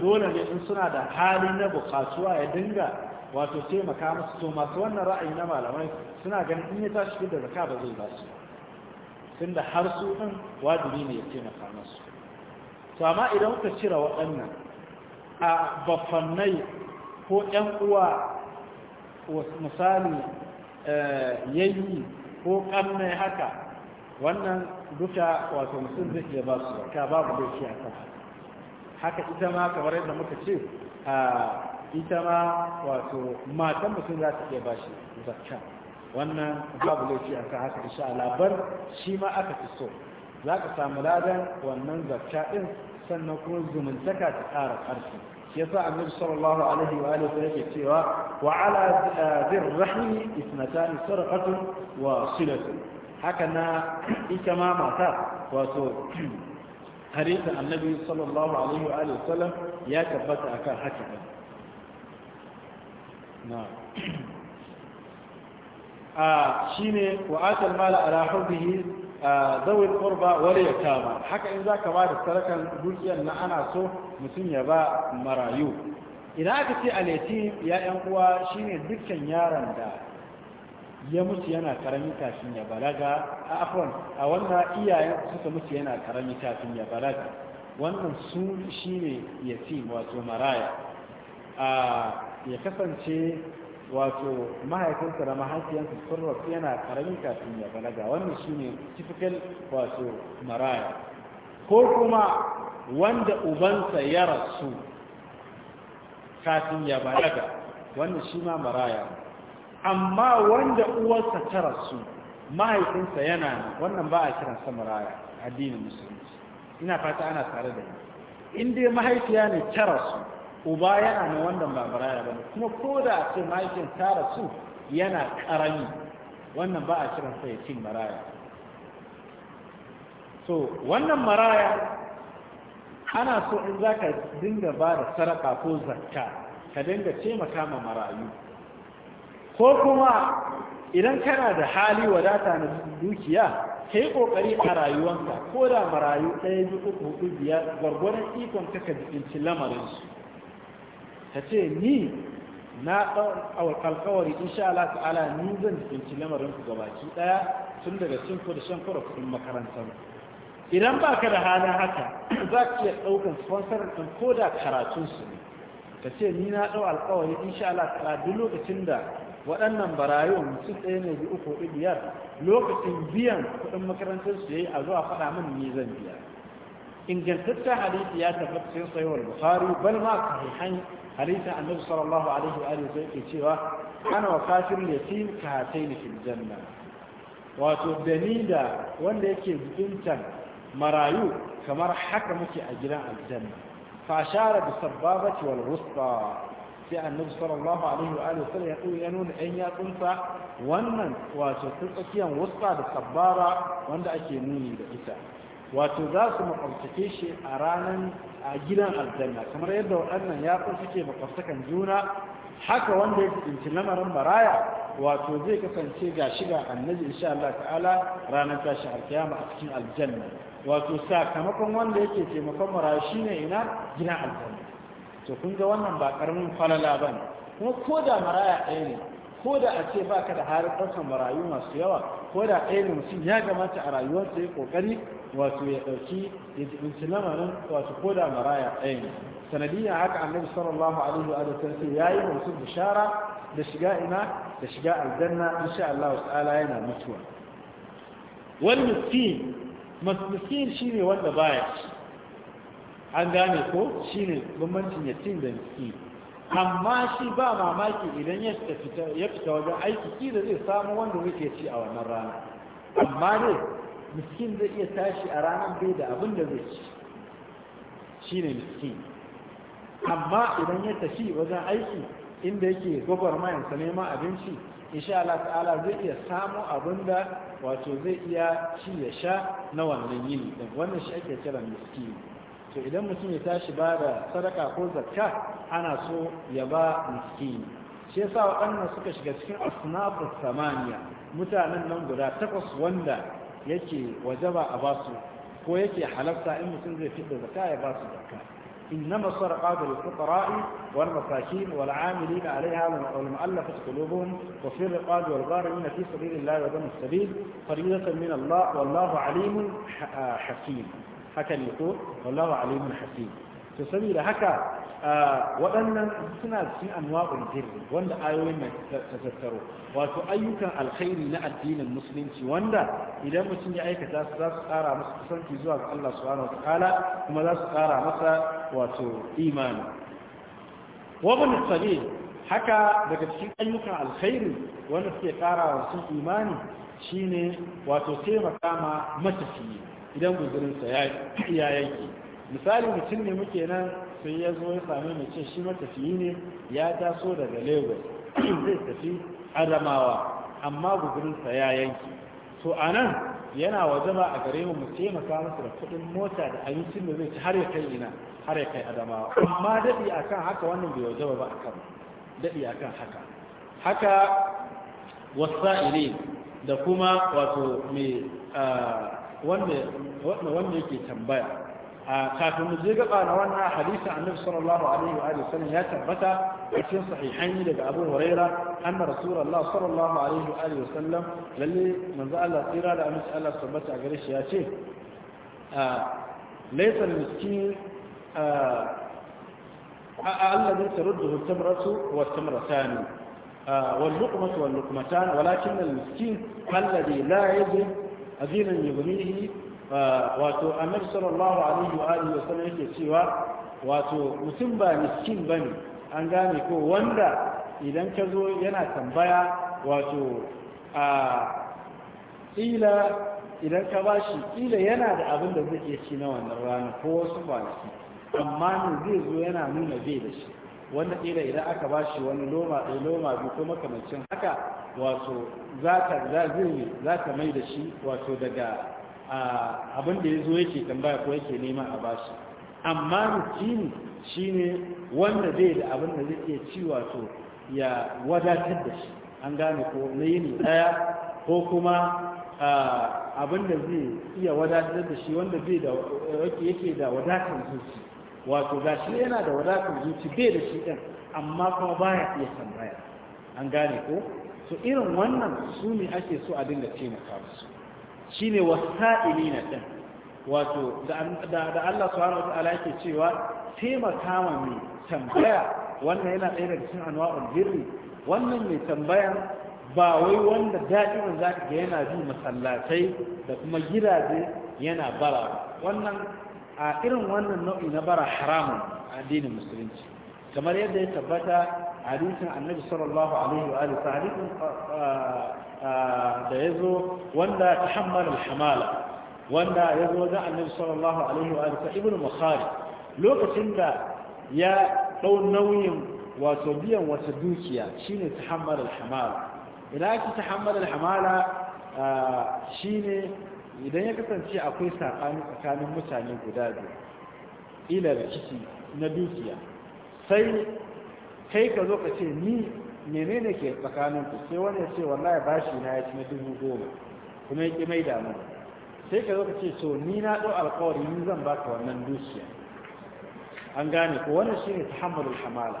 dole ne in suna da hali na buƙatuwa ya dinga wato taimaka musu to masu wannan ra'ayi na malamai suna ganin in ya tashi fi da zaka ba zai ba su tunda har su ɗin wajibi ne ya taimaka musu to amma idan muka cira waɗannan a bafannai ko ƴan uwa misali eh, yayi ko ƙannai haka wannan duka wato mutum zai iya ba su ka babu doki a kan haka ita ma kamar yadda muka ce a ita ma wato matan mutum za ta iya ba shi zakka wannan babu laifi a kan haka insha Allah bar shi ma aka fi so za ka samu ladan wannan zakka din sannan kuma zumuntaka ta ƙara ƙarfi shi yasa annabi sallallahu alaihi wa alihi yake cewa wa ala dhir rahimi isnatan sarqatun wa silatu haka na ita ma mata wato hadisin annabi sallallahu alaihi wa alihi ya tabbata akan haka a shi ne wa atal mala ala hubbihi zawil qurba wal yatama haka in zaka ba da sarakan dukiyar na ana so mutum ya ba marayu idan aka ce al ya yan uwa shine dukkan yaron da ya mutu yana karami kafin ya balaga a afwan a wannan iyayen suka mutu yana karami kafin ya balaga wannan su shine yatim wato maraya a ya kasance wato mahaifinsa da mahaifiyarsa sun rasu yana karamin kafin ya balaga wannan shine typical wato maraya ko kuma wanda ubansa ya rasu kafin ya balaga wannan shi ma maraya amma wanda uwarsa ta rasu mahaifinsa yana wannan ba a kiransa maraya addinin musulunci ina fata ana tare da ni in dai mahaifiya ne ta rasu uba yana nan wanda ba maraya ba kuma ko da ce mahaifin ta su yana karami wannan ba a kiran sa ya cin maraya so wannan maraya ana so in za ka dinga ba da saraka ko zarta ka dinga taimaka ma marayu ko kuma idan kana da hali wadata na dukiya ka yi ƙoƙari a rayuwanka ko da marayu ɗaya biyu uku hudu biyar gwargwaron ikon ka ka jikinci lamarinsu ka ce ni na alkawari insha Allah ta'ala ni zan cikin lamarin ku gabaki daya tun daga cin ku da shan ku da kuɗin makarantar idan ba ka da halin haka za ka iya ɗaukar sponsor ɗin ko da karatun su ne ka ce ni na ɗau alkawari insha Allah ta'ala duk lokacin da waɗannan barayun mutum ɗaya ne bi uku biyar lokacin biyan kuɗin makarantar su yayi a zuwa faɗa min ni zan biya ingantaccen hadisi ya tabbata cikin sahihul bukhari bal ma sahihan hadisi annabi sallallahu alaihi wa alihi sai ke cewa ana wa kafir yatim ka hataini fil janna wato dani da wanda yake zubintan marayu kamar haka muke a gidan aljanna fa shara bi sababati wal wusta sai annabi sallallahu alaihi wa alihi sai ya koyi ya nuna ɗan yatsunsa wannan wato tsakiyan wusta da sabbara wanda ake nuni da ita wato za su makwabtake shi a ranar a gidan aljanna kamar yadda waɗannan yatsun suke makwabtakan juna haka wanda ya tsinci lamarin baraya wato zai kasance ga shiga annabi insha Allah ta'ala ranar tashi alkiyama a cikin aljanna wato sakamakon wanda yake taimakon marayu shine ina gidan aljanna to kun ga wannan ba karamin falala bane kuma ko da maraya ɗaya ne ko da a ce baka da harin ɗaukar marayu masu yawa ko da ɗaya ne mutum ya gamata a rayuwarsa ya ƙoƙari wato ya ɗauki ya jibinci lamarin wato ko da maraya ɗaya ne sanadiyya haka annabi sallallahu alaihi wa sallam ya yi musu bishara da shiga ina da shiga aljanna insha Allah ta'ala yana mutuwa wal miskin miskin shine wanda baya an gane ko shine bambancin yatim da miskin amma shi ba mamaki idan ya fita wajen aiki kila zai samu wanda zai ci a wannan rana amma dai miskin zai iya tashi a ranar bai da abin da zai ci shi ne miskin amma idan ya tafi wajen aiki inda yake gwagwar mayansa neman abinci insha Allah ta'ala zai iya samu abin da wato zai iya ci ya sha na wannan yini din wannan shi ake kira miskin to idan mutum ya tashi ba da sadaka ko zakka ana so ya ba miskin shi yasa waɗannan suka shiga cikin asnafus samaniya mutanen nan guda takwas wanda yake wajaba a basu ko yake halarta in mutum zai fitar zakka ya basu zakka إنما الصدقات للفقراء والمساكين والعاملين عليها والمؤلفة قلوبهم وفي الرقاب والغارمين في سبيل الله وبن السبيل فريضة من الله والله عليم حكيم هكذا يقول والله عليم حكيم to saboda haka waɗannan suna cikin anwa'ul birri wanda ayoyin nan ta tattaro wato ayyukan alkhairi na addinin musulunci wanda idan mutum ya aikata su za su ƙara masa kusanci zuwa ga Allah subhanahu wataala kuma za su ƙara masa wato imani wa bin sabil haka daga cikin ayyukan alkhairi wanda suke ƙara wa sun imani shine wato taimaka ma matafiya idan guzurinsa ya yanke misali mutum ne muke nan sai ya zo ya sami mai ce shi matafiyi ne ya taso daga lagos zai tafi adamawa amma guzurinsa ya yanki to a nan yana waje ba a gare mu mu taimaka masa da kuɗin mota da abincin da zai ci har ya kai ina har ya kai adamawa amma daɗi kan haka wannan bai waje ba a kan daɗi kan haka haka wasa'ili da kuma wato mai ah, wanda yake tambaya kafin mu je gaba na wannan hadisi annabi sallallahu alaihi wa alihi sallam ya tabbata a cikin sahihaini daga Abu Huraira anna Rasulullah sallallahu alaihi wa alihi sallam lalle manzo Allah tsira da amince Allah tabbata a gare shi ya ce laysa miskin الذي ترده التمرة والتمرتان واللقمة واللقمتان ولكن المسكين الذي لا يجد أذينا يغنيه wato annabi sallallahu alaihi wa alihi wasallam yake cewa wato mutum ba miskin bane an gane ko wanda idan ka zo yana tambaya wato a ila idan ka bashi ila yana da abin da zai iya ci na wannan rana ko wasu kwanaki amma ne zai zo yana nuna bai da shi wanda ila idan aka bashi wani loma ɗaya loma biyu ko makamancin haka wato za ta mai da shi wato daga abin da ya zo yake tambaya ko yake nema a bashi amma shi shine wanda zai da abin da zai iya ci wato ya wadatar da shi an gane ko na yini daya ko kuma abin da zai iya wadatar da shi wanda zai da yake da wadatar zuci wato ga shi yana da wadatar zuci bai da shi ɗin amma kuma baya iya tambaya an gane ko su irin wannan su ne ake so a dinga taimaka musu shine wasa'ilina din wato da Allah subhanahu ta’ala yake cewa taimaka ma mai tambaya wannan yana ɗaya daga cikin anwa'ul birri wannan mai tambaya ba wai wanda da'iman za ga yana bi masallatai da kuma gidaje yana bara wannan a irin wannan nau'i na bara haramun addinin musulunci kamar yadda ya tabbata hadisin annabi sallallahu alaihi wa alihi da ya zo wanda ta hamman alhamala wanda ya zo wajen annabi sallallahu alaihi wa sallam ibnu lokacin da ya dau nauyin wato biyan wata dukiya shine tahammul alhamala idan ta tahammul alhamala shine idan ya kasance akwai sakani tsakanin mutane guda biyu ila rikici na dukiya sai kai ka zo ka ce ni menene ke tsakanin ku sai wani ya ce wallahi bashi na ya ci na dubu goma kuma ya ƙi mai damu sai ka zo ka ce so ni na dau alƙawari ni zan baka wannan dukiya an gane ko wannan shine tahammalul hamala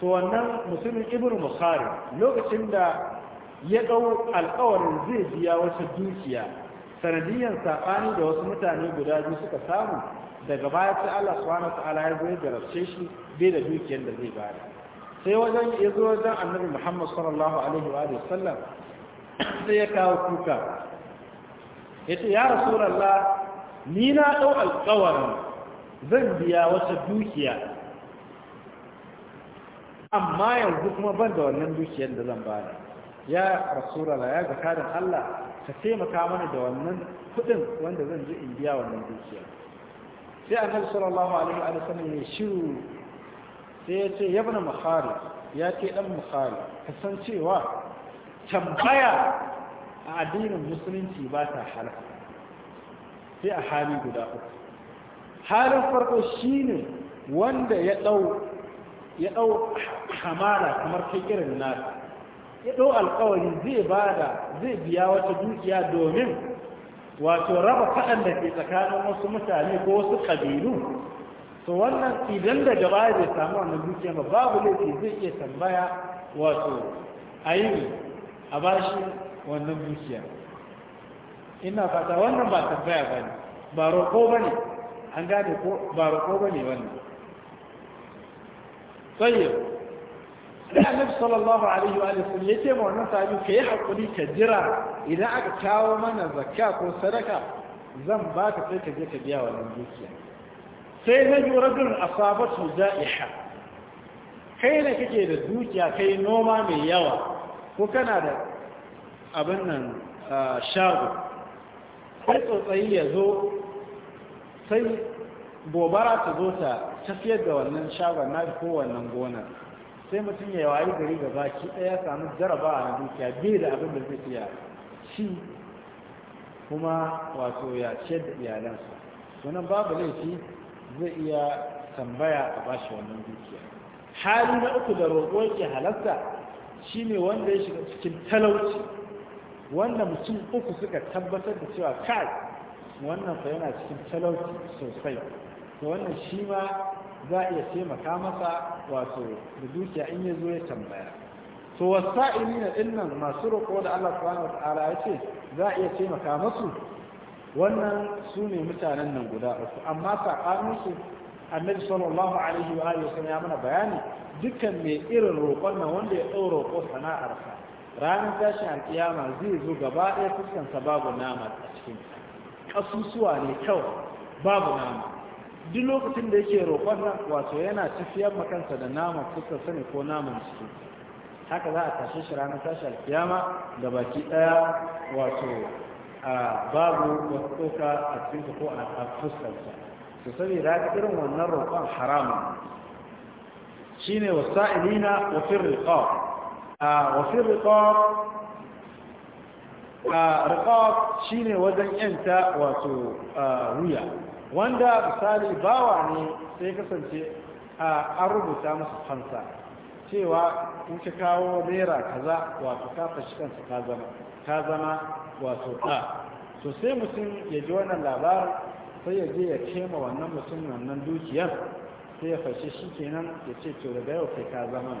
to wannan musulmin ibnu bukhari lokacin da ya ɗau alƙawarin zai biya wata dukiya sanadiyan saɓani da wasu mutane guda biyu suka samu daga baya sai Allah subhanahu wa ta'ala ya zo ya garabce shi bai da dukiyar da zai bada sai wajen ya zo wajen annabi muhammad sallallahu alaihi wa sallam sai ya kawo kuka ya ce ya rasulallah ni na ɗau alƙawarin zan biya wata dukiya amma yanzu kuma ban da wannan dukiyar da zan bada ya rasulallah ya ga allah ka taimaka mana da wannan kuɗin wanda zan zo in biya wannan dukiya. sai annabi sallallahu alaihi wa sallam ya shiru sai ya ce yabna makhari ya ce dan kasan cewa tambaya a addinin musulunci ba ta halaka sai a hali guda uku halin farko shine wanda ya dau ya dau hamara kamar kai irin nasa ya dau alkawari zai bada zai biya wata dukiya domin wato raba kaɗan da ke tsakanin wasu mutane ko wasu ƙabilu to wannan idan daga baya bai samu wannan dukiya ba babu laifi zai iya tambaya wato a yi a bashi wannan dukiya ina fata wannan ba tambaya ba ne ba roƙo ba ne an gane ko ba roƙo ba ne wannan tsayyar da annabi sallallahu alaihi wa sallam yake ma wannan sahabi ka yi haƙuri ka jira idan aka kawo mana zakka ko sadaka zan ba ka sai ka je ka biya wannan dukiya sai na yi rajulun asabatu za'iha kai da kake da dukiya kai noma mai yawa ko kana da abin nan shago sai tsotsayi ya zo sai gobara ta zo ta tafiyar da wannan shagon na ko wannan gonar sai mutum ya wayi gari ga baki ɗaya samu jarabawa a dukiya bai da abin da zai iya shi kuma wato ya ce da iyalansa wannan babu laifi zai iya tambaya a bashi wannan dukiya hali na uku da roƙo yake shi ne wanda ya shiga cikin talauci wanda mutum uku suka tabbatar da cewa kai wannan fa yana cikin talauci sosai to wannan shi ma za a iya taimaka masa wato da dukiya in ya zo ya tambaya to wasa'ilina dinnan masu roƙo da Allah subhanahu wa ta'ala ya ce za a iya taimaka masu wannan su ne mutanen nan guda uku amma a annabi sallallahu alaihi wa alihi ya mana bayani dukkan mai irin roƙon nan wanda ya ɗau roƙo sana'arsa ranar tashin alƙiyama zai zo gaba ɗaya fuskansa babu nama a cikin ƙasusuwa ne kyau, babu nama duk lokacin da yake roƙon nan wato yana tafiyar makansa da naman fuskarsa ne ko naman cikin haka za a tashe shi ranar tashin alƙiyama da baki ɗaya wato babu wasu a cikinsa ko a fuskarsa su sani da aka irin wannan roƙon haramun shi ne wasa'ilina wafin riƙaf a wafin a shi ne wajen yanta wato wuya wanda misali bawa ne sai kasance a an rubuta masa fansa cewa in ka kawo naira kaza wato ka fashi kansa ka zama ka zama wato ɗa to sai mutum ya ji wannan labar sai ya je ya kema wannan mutum wannan dukiyar sai ya fashe shi kenan ya ce to daga yau kai ka zama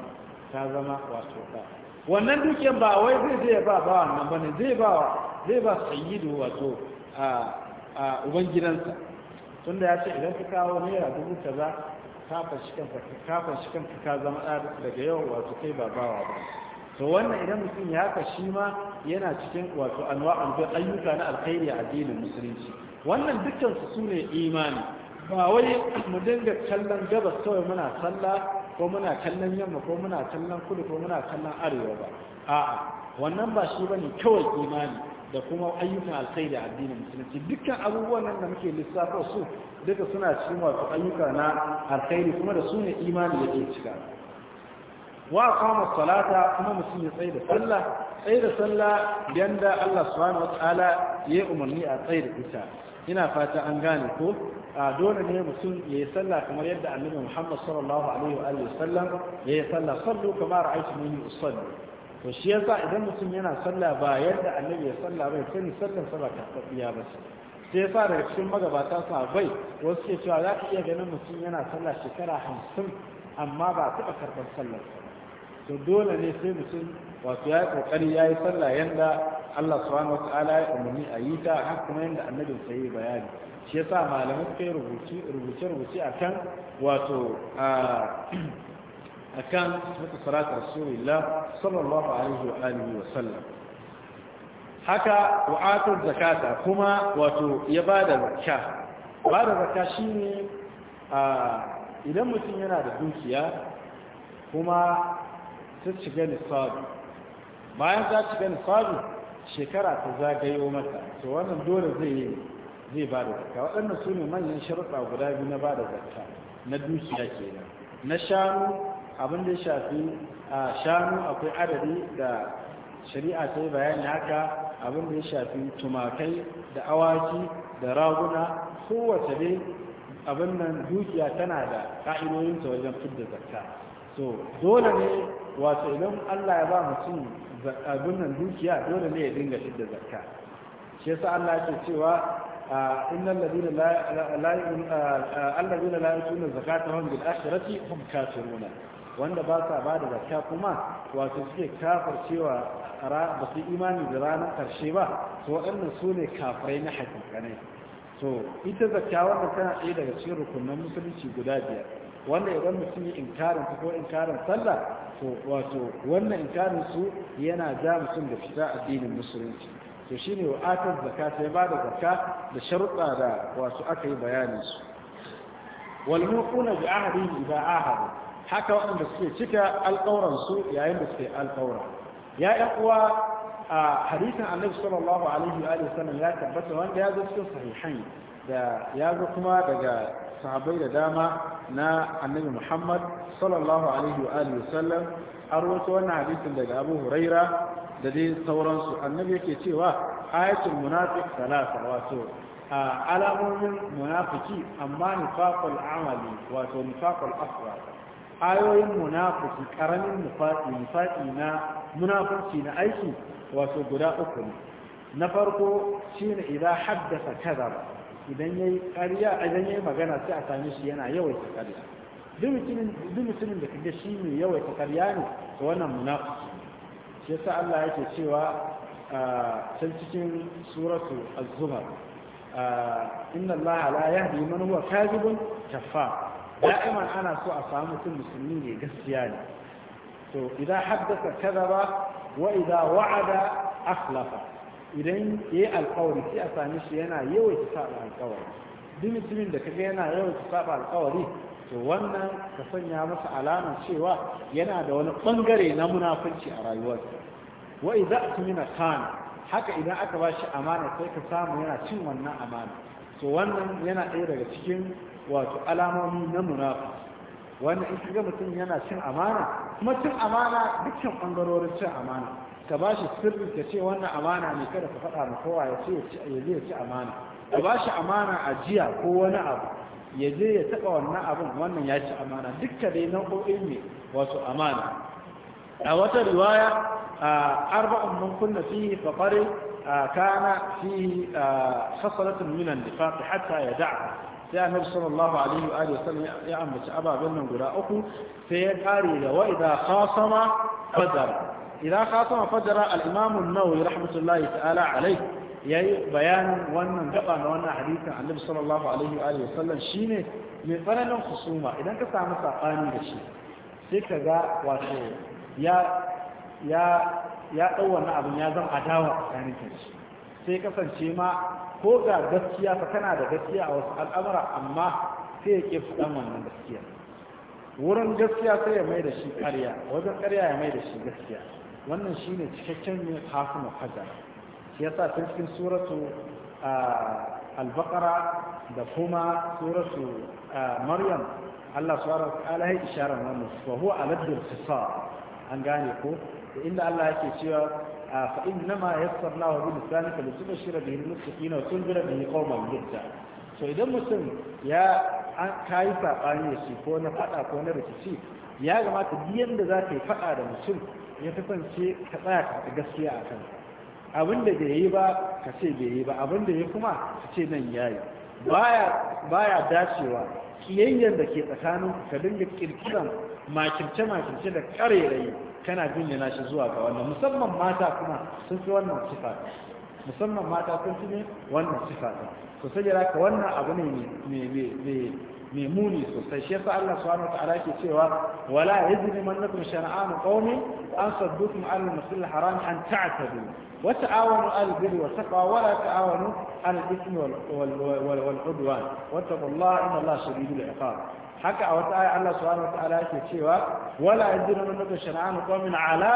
ka zama wato ɗa wannan dukiyar ba wai zai je ya ba ba wannan bane zai ba zai ba sayyidu wato a a ubangidansa tunda ya ce idan ka kawo naira dubu kaza kafa shi kanka ka zama ɗa daga yau wato kai babawa ba to wannan idan mutum ya haka shi ma yana cikin wato anwa'an bin ayyuka na alkhairi a addinin musulunci wannan dukkansu su sune imani ba wai mu dinga kallon gabas kawai muna sallah ko muna kallon yamma ko muna kallon kudu ko muna kallon arewa ba a'a wannan ba shi bane kawai imani da kuma ayyukan alkhairi da addinin musulunci dukkan abubuwan nan da muke lissafa su duka suna cikin wato ayyuka na alkhairi kuma da su ne imani yake cika wa qama salata kuma mutum ya tsaye da sallah tsaye da sallah yanda Allah subhanahu Ta'ala ya umarni a tsaye da ita ina fata an gane ko a dole ne mutum ya yi sallah kamar yadda annabi Muhammad sallallahu alaihi wa sallam ya yi sallah sallu kama ra'aytu minni usalli to shi yasa idan mutum yana sallah ba yadda annabi ya sallah bai sani sallan sa ba karɓaɓɓiya ba sai yasa daga cikin magabata sa bai wasu ke cewa za ka iya ganin mutum yana sallah shekara hamsin amma ba taɓa karɓar sallar to dole ne sai mutum wato ya yi ƙoƙari ya yi sallah yadda Allah subhanahu wata'ala ya umarni a yi ta har kuma yadda annabi sa yi bayani shi yasa malamai suka yi rubuce-rubuce a kan wato ah, akan suka salat rasulullah sallallahu alaihi wa alihi wa sallam haka wa'atul zakata kuma wato ya bada zakka bada zakka shine a idan mutum yana da dukiya kuma ta shiga nisabi bayan ta shiga nisabi shekara ta zagayo mata to wannan dole zai yi zai ba da zakka waɗannan su ne manyan sharuɗa guda biyu na bada zakka na dukiya kenan na shanu abin da shafi a shanu akwai adadi da shari'a ta yi bayani haka abin da ya shafi tumakai da awaki da raguna kowace ne abin nan dukiya tana da ƙa'idoyinta wajen fidda zakka so dole ne wato idan allah ya ba mutum abin nan dukiya dole ne ya dinga fidda zakka shi yasa allah ke cewa allah الذين لا لا الذين لا يؤتون الزكاة هم بالآخرة هم كافرون wanda ba sa ba da zakka kuma wato suke kafar cewa ba su imani da ranar karshe ba to waɗannan su ne kafirai na hakikanai to ita zakka wanda tana ɗaya daga cikin rukunan musulunci guda biyar wanda idan mutum ya inkarin ko inkarin sallah to wato wannan inkarin su yana ja mutum da fita addinin musulunci to shine wa atar zakka sai ba da zakka da sharuɗa da wasu aka yi bayanin su wal mu'minu bi ahdihi idza ahada haka waɗanda suke cika alƙawuransu yayin da suke alƙawura ya ‘yan uwa a hadisin annabi sallallahu alaihi wa sallam ya tabbata wanda ya zo cikin sahihan da ya zo kuma daga sahabbai da dama na annabi muhammad sallallahu alaihi wa sallam an rawaito wannan hadisin daga abu huraira da dai sauransu annabi yake cewa ayatul munafiq salasa wato alamomin munafiki amma nifaqul amali wato nifaqul asghar ayoyin munafuki karamin nifaki na munafurci na aiki wato guda uku ne na farko ne idan haddasa kazar idan yayi ƙarya idan magana sai a sami shi yana yawaita ƙarya duk mutumin da kaga shi mai yawaita ƙarya ne to wannan munafuki shi yasa Allah yake cewa can cikin suratu az-zumar inna Allah la yahdi man huwa kadhibun kaffar da'iman ana so a samu mutum musulmi ne gaskiya ne to idan haddasa kadaba wa idan wa'ada akhlafa idan yayi alƙawari sai a sami shi yana yawaita saba alƙawari duk mutumin da kaga yana yawaita saba alƙawari to wannan ka sanya masa alamar cewa yana da wani bangare na munafunci a rayuwarsa wa idza atmina kana haka idan aka ba shi amana sai ka samu yana cin wannan amana to wannan yana ɗaya daga cikin wato alamomi na munafa wanda in shiga mutum yana cin amana kuma cin amana dukkan bangarorin cin amana ka ba shi sirri ka ce wannan amana ne kada ka faɗa ma kowa ya ce ya je ya ci amana ka ba shi amana a jiya ko wani abu ya je ya taɓa wannan abin wannan ya ci amana dukka dai nau'o'in ne wato amana a wata riwaya a arba'un mun kunna fihi faqari kana fi khasalatun minan an-nifaq hatta ya da'a sai annabi sallallahu alaihi wa sallam ya ambaci ababen nan guda uku sai ya kare da wa idan kasama fajara idza khasama fajara al-imam an-nawawi rahmatullahi ta'ala alaihi yayi bayanin wannan gaba na wannan hadisin annabi sallallahu alaihi wa sallam shine mai tsananin husuma idan ka samu sabani da shi sai ka ga wato ya ya ya dau wannan abin ya zama adawa tsakanin shi sai kasance ma ko ga gaskiya fa kana da gaskiya a wasu al'amura amma sai ya ke faɗan wannan gaskiya wurin gaskiya sai ya mai da shi ƙarya wajen ƙarya ya mai da shi gaskiya wannan shi ne cikakken ne kafin hajar shi Yasa tun cikin suratu albakara da kuma suratu maryam allah suwara wa ya isharar wannan fa huwa aladdul fisar an gane ko inda allah yake cewa فإنما يسرناه بلسانك لتبشر به المتقين وتنذر به قوما جدا to idan mutum ya kayi saɓani da shi ko na faɗa ko na rikici ya gamata duk yadda za ka yi faɗa da mutum ya kasance ka tsaya ka gaskiya a kan abin da bai yi ba ka ce bai yi ba abin da ya kuma ka ce nan ya yi baya dacewa kiyayyar da ke tsakanin ka dinga kirkiran makirce makirce da karerai kana jinyana shi zuwa ga wannan musamman mata kuma sun fi wannan sifa musamman mata sun fi wannan sifa to sai ka wannan abu ne mai muni sosai shi yasa Allah subhanahu wataala ke cewa wala yajri mannakum shan'anu qaumin an saddukum an al-masjid al-haram an ta'tadu wa ta'awanu al-birri wa taqwa wa la ta'awanu an al-ithmi wal udwan wattaqullaha inna Allaha shadidul iqab haka a wata aya Allah subhanahu wataala ke cewa wala yajri mannakum shan'anu qaumin ala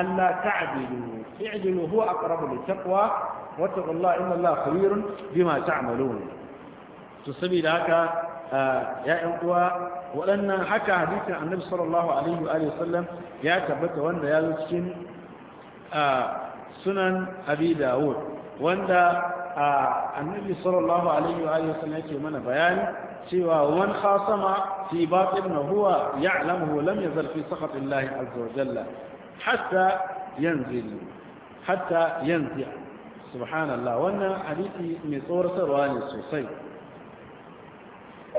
an la ta'dilu i'dilu huwa aqrabu lit-taqwa wattaqullaha inna Allaha khabirun bima ta'malun to saboda haka ya'yan uwa waɗannan haka hadisin annabi sallallahu alaihi wa sallam ya tabbata wanda ya zo cikin sunan abi dawud wanda annabi sallallahu alaihi wa sallam yake mana bayani cewa wan khasama fi batin huwa ya'lamuhu lam yazal fi zarfi azza wa jalla hatta hatta yanzi subhanallah wannan hadisi mai tsoratarwa ne sosai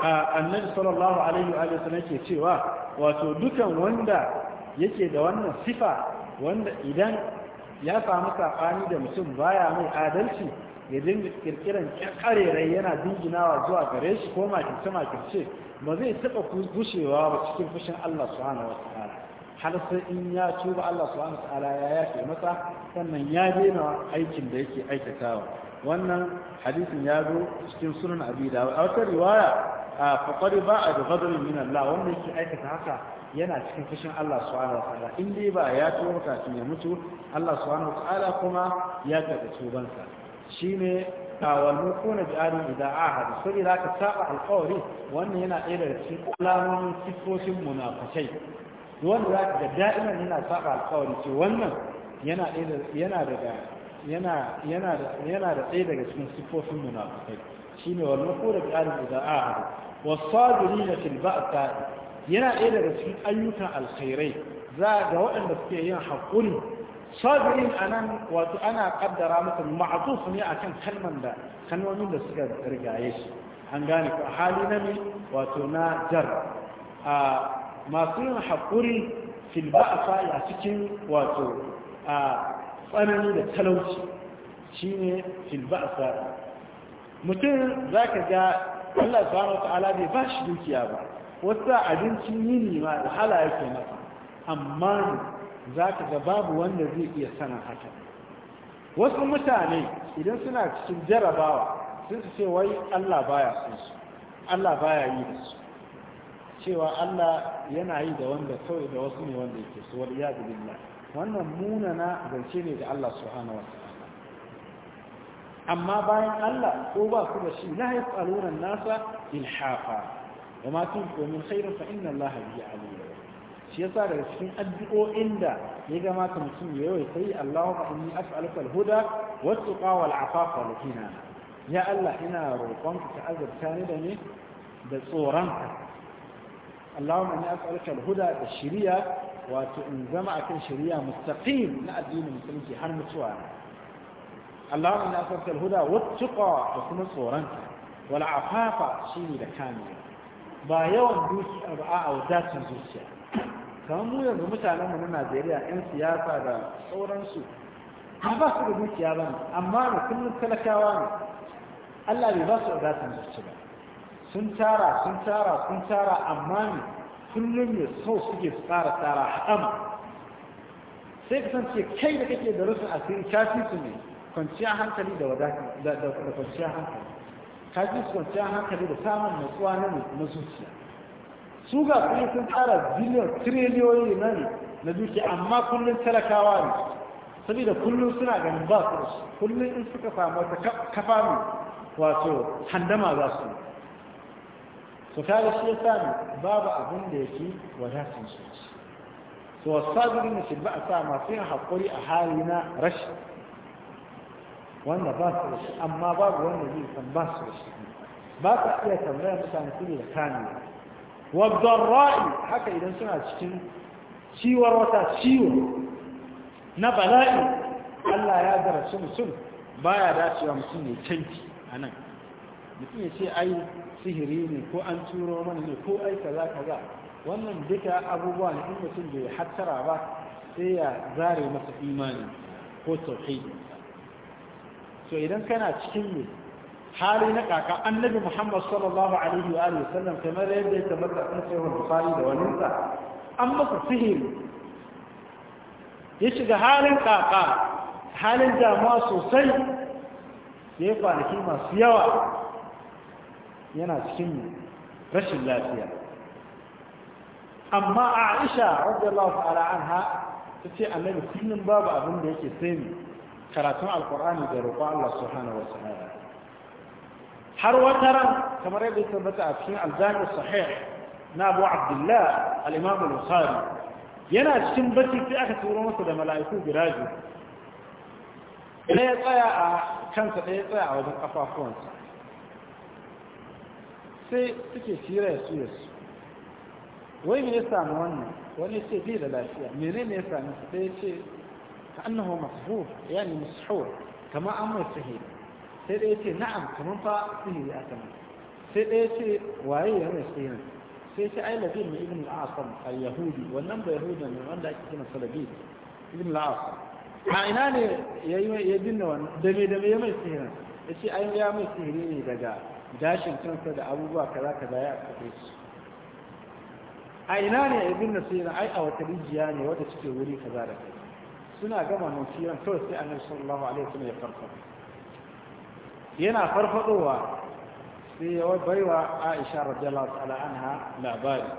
annabi sallallahu alaihi wa sallam ke cewa wato dukan wanda yake da wannan sifa wanda idan ya samu saɓani da mutum baya mai adalci ya dinga kirkiran karerai yana dinginawa zuwa gare shi ko makirce makirce ba zai taɓa gushewa ba cikin fushin Allah subhanahu Ta'ala. har sai in ya tuba Allah subhanahu Ta'ala ya yafe masa sannan ya daina aikin da yake aikatawa wannan hadisin ya zo cikin sunan abi dawud a wata riwaya faƙari ba a da fadlin min Allah wanda yake aikata haka yana cikin fushin Allah subhanahu wa ta'ala in dai ba ya tuba tun ya mutu Allah subhanahu wa ta'ala kuma ya karɓi tubansa shine tawallukuna bi adam idza ahada saboda ka saba alƙawari wannan yana ɗaya daga cikin alamomin sifofin munafikai wanda za ka ga da'iman yana saba alkawari ce wannan yana daga yana da ɗaya daga cikin siffofin munafukai shi ne wannan ko da ƙarin da za a haɗu والصابرين في البأساء yana ɗaya daga cikin ayyukan alkhairai za ga waɗanda suke yin haƙuri sabirin a nan wato ana ƙaddara masa ma'azuf ne akan kalman da kalmomin da suka rigaye shi an gane ko hali na ne wato na jar a masu yin haƙuri fil ba'asa a cikin wato a tsanani da talauci shine fil ba'asa mutum zaka ga Allah subhanahu wataala bai ba shi dukiya ba wasu abincin yini ma wahala yake masa amma za ka ga babu wanda zai iya sanin haka wasu mutane idan suna cikin jarabawa sun su ce wai Allah baya su Allah baya yi da su cewa Allah yana yi da wanda kawai da wasu ne wanda yake so wal iyad wannan munana zance ne da Allah subhanahu wataala amma bayan Allah ko ba su da shi la yas'aluna nasa ilhafa wa ma tunfiqu min khairin fa inna Allah bihi alim shi yasa daga cikin addu'o'in da ya gamata mutum ya yawai sai Allahumma inni as'aluka al-huda was-tuqa wal-afafa wal ya Allah ina roƙonka ka azurta ni da ne da tsoronka Allahumma inni as'aluka al-huda da shari'a wato in zama akan shari'a mustaqim na addinin musulunci har mutuwa Allahumma inna as'aluka al-huda wat da kuma tsoron wal afafa shine da kamiya ba yawan dukiya ba a wadacin zuciya kamar mu yanzu mutanen mu na Najeriya yan siyasa da sauransu ba ba su da dukiya ba amma da kullum talakawa ne Allah bai ba su wadacin zuciya ba sun tara sun tara sun tara amma ne kullum ne so suke tsara tsara haɗama sai kasance kai da kake da rufin asiri kafi su ne kwanciyar hankali da da kwanciyar hankali ka ji kwanciyar hankali da samun matsuwa na na zuciya su ga kuma sun tsara biliyon tiriliyoyi na ne na dukiya amma kullum talakawa ne saboda kullum suna ganin ba su da kullum in suka samu wata kafa ne wato handama za su su kare shi ya sami babu abin da yake wadatun su so wasu sabirin da shi ba a sa masu yin haƙuri a hali na rashin wanda ba su da shi amma babu wanda zai san ba su da shi ba ka iya tambaya mutane su ne da kame wabdarra'i haka idan suna cikin ciwar wata ciwo na bala'i Allah ya zarafi mutum baya dacewa mutum ne canki a nan mutum ya ce ai sihiri ne ko an turo mana ne ko ai kaza kaza wannan duka abubuwa ne in mutum bai hattara ba sai ya zare masa imani ko tauhidi to idan kana cikin ne hali na kaka annabi muhammad sallallahu alaihi wa alihi sallam kamar yadda ya tabbata sai cikin da wani sa an maka sihiri ya shiga halin kaka halin damuwa sosai da kwanaki masu yawa yana cikin rashin lafiya amma aisha radiyallahu ta'ala anha ta ce annabi kullum babu abin da yake sai karatun alkur'ani da roƙon Allah subhanahu wa ta'ala har wata ran kamar yadda ya tabbata a cikin aljami sahih na Abu Abdullah al-Imam al-Bukhari yana cikin bacci sai aka turo masa da mala'iku biraji ɗaya tsaya a kansa ɗaya tsaya a wajen kafafuwansa sai suke shira ya su ya su wai me ya samu wannan wani ce bai da lafiya menene ya sami ɗaya ce كأنه مصفوف يعني مسحور كما أمر سهيل سيديتي نعم كمن فا سهيل أتم سيديتي وهي يعني سهيل سيديتي أي لذين من ابن العاصم اليهودي والنمبر يهودا من عندك كنا سلبي ابن العاصم ma'ina ne ya dinna wani dame-dame ya mai sihirin ya ce an mai sihiri ne daga dashin kansa da abubuwa kaza kaza ya kafe su a ina ne ya dinna ai a rijiya ne wadda suke wuri kaza da kaza suna gama nufiran kawai sai annabi sallallahu alaihi wasallam ya farfado yana farfadowa sai ya baiwa Aisha radiyallahu ta'ala anha labari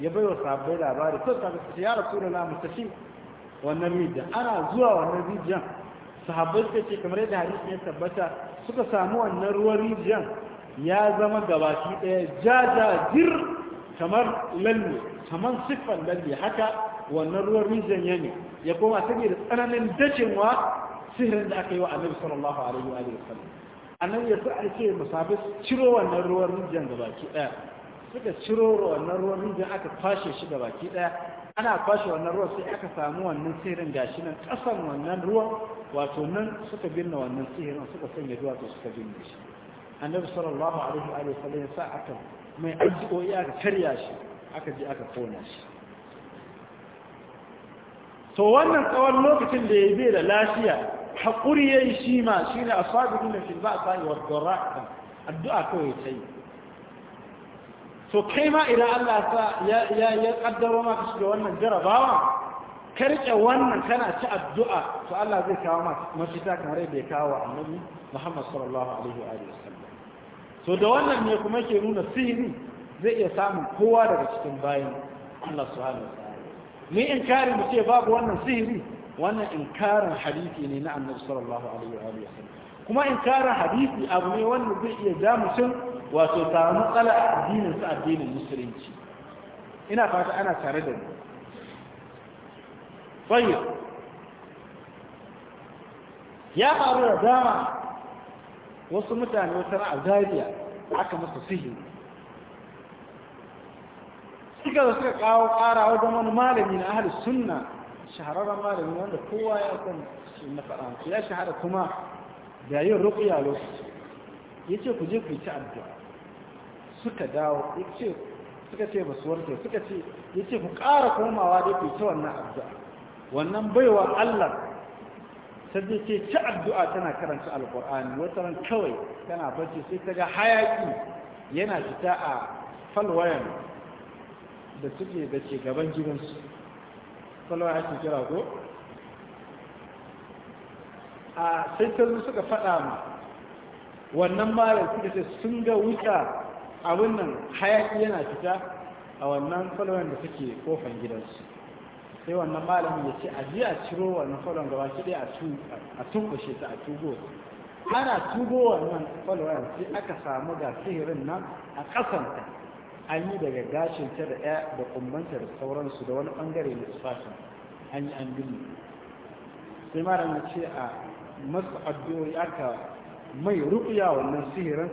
ya baiwa sahabbai labari to ta ce ya rasulullah wa wannan rijiya ana zuwa wannan rijiyan sahabbai suka ce kamar yadda hadisi ya tabbata suka samu wannan ruwan rijiyan ya zama gabaki daya jajajir jir kamar lalle kamar siffan lalle haka wannan ruwan ya ne ya koma saboda tsananin dacewa sihirin da aka yi wa annabi sallallahu alaihi wa sallam annabi ya sa ake musafi ciro wannan ruwan rijiyar da baki daya suka ciro wannan ruwan rijiyar aka kwashe shi da baki daya ana kwashe wannan ruwan sai aka samu wannan sihirin gashi nan kasan wannan ruwan wato nan suka binne wannan sihirin suka sanya duwatsu suka binne shi annabi sallallahu alaihi wa sallam ya sa aka mai addu'o'i aka karya shi aka je aka kona shi to wannan tsawon lokacin da ya bai da lafiya haƙuri ya yi shi ma shi ne a sabirin da shi ba a sani wa dora addu'a kawai ta yi to kai ma idan Allah sa ya kaddaro maka shiga wannan jarabawa karke wannan kana ci addu'a to Allah zai kawo mafita kamar yadda ya kawo annabi Muhammad sallallahu alaihi wa sallam to da wannan ne kuma ke nuna sihiri zai iya samun kowa daga cikin bayan Allah subhanahu mu inkari mu ce babu wannan sihiri wannan inkarin hadisi ne na annabi sallallahu alaihi wa kuma inkarin hadisi abu ne wanda zai iya ja mutum wato ta matsala addinin sa addinin musulunci ina fata ana tare da ni tayyib ya faru da dama wasu mutane wata ra'a zariya aka masa sihiri suka da suka kawo ƙara wajen wani malami na ahal sunna shahararren malami wanda kowa ya san shi na faransa ya shahara kuma da yin rukuya lokaci ya ce ku je ku ci addu'a suka dawo ya ce suka ce ba su warke suka ce ya ce ku ƙara komawa da ku ci wannan addu'a wannan baiwa allah sai ce ci addu'a tana karanta alƙur'ani wata ran kawai tana bacci sai ta ga hayaki yana fita a falwayan da suke da ke gaban gidansu salawa ake kira ko a sai ta suka faɗa ma wannan malam suka ce sun ga wuta abin nan hayaki yana fita a wannan falon da suke kofan gidansu sai wannan malamin ya ce a ji a ciro wannan falon gaba shi dai a tunkushe ta a tugo ana tugo wannan falon sai aka samu ga sihirin nan a ƙasanta an yi daga gashinta da ɗaya da kumbanta da sauransu da wani ɓangare da tufafin an yi an gini sai mara na ce a masu addu'o'i aka mai rukuya wannan sihirin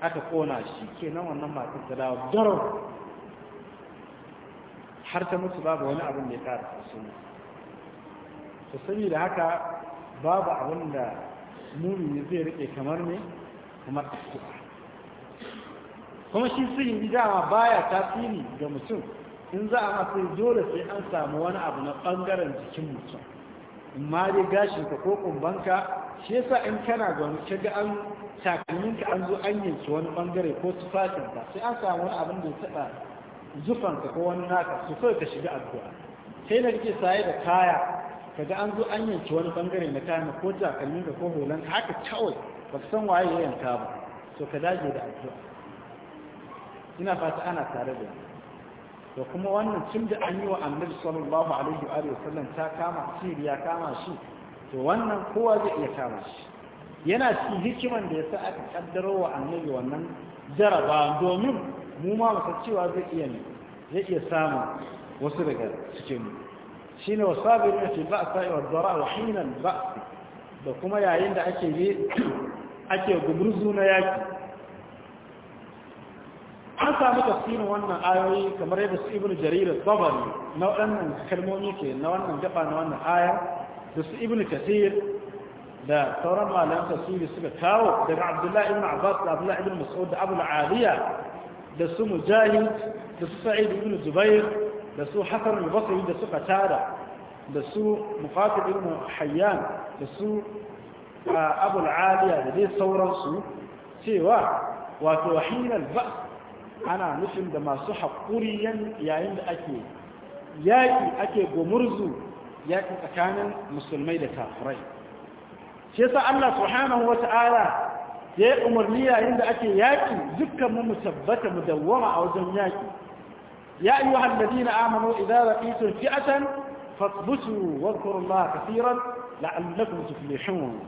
aka kona shi kenan wannan masu ta dawo daro har ta mutu babu wani abin da ya kara su sani da haka babu abin da mumini zai rike kamar ne kamar addu'a kuma shi sihiri dama baya tasiri ga mutum in za a masu dole sai an samu wani abu na ɓangaren jikin mutum In ma dai ka ko kumbanka shi yasa in kana ga wani ga an ka an zo an yanki wani ɓangare ko ka, sai an samu wani abin da ya taɓa zufanka ko wani naka su kawai ka shiga addu'a sai na kake saye da kaya kaga an zo an yanki wani ɓangare na kayan ko takalminka ko hulanka haka kawai ba san waye ya yanka ba to ka dage da addu'a ina fata ana tare da da kuma wannan tun da an yi wa annabi sallallahu alaihi wa sallam ta kama shi ya kama shi to wannan kowa zai iya kama shi yana cikin hikiman da yasa aka kaddaro wa annabi wannan jaraba domin mu ma mu cewa zai iya ne zai iya samu wasu daga cikin mu shine wasabirin fi ba'sa wa dara wa hinan ba'sa da kuma yayin da ake ake gumurzu na yaki an samu tafsirin wannan ayoyi kamar yadda su ibn jarir tabari na wannan kalmomi ke na wannan gaba na wannan aya da su ibnu kathir da sauran malaman tafsiri suka kawo daga abdullahi ibn abbas da abdullahi ibn mas'ud da abul aliya da su mujahid da su sa'id ibn zubair da su hasan al-basri da suka tara da su muqatil ibn hayyan da su abul aliya da dai sauransu cewa wato hinal ba. ana nufin da masu haƙuri yayin da ake yaƙi ake gomurzu yaƙi tsakanin musulmai da kafirai shi yasa Allah subhanahu wa ta'ala ya yi umarni yayin da ake yaƙi dukkan mu tabbata mu dawwama a wajen yaƙi ya ayu halladina amanu idza laqitum fi'atan fathbutu wadhkurullaha kaseeran la'allakum tuflihun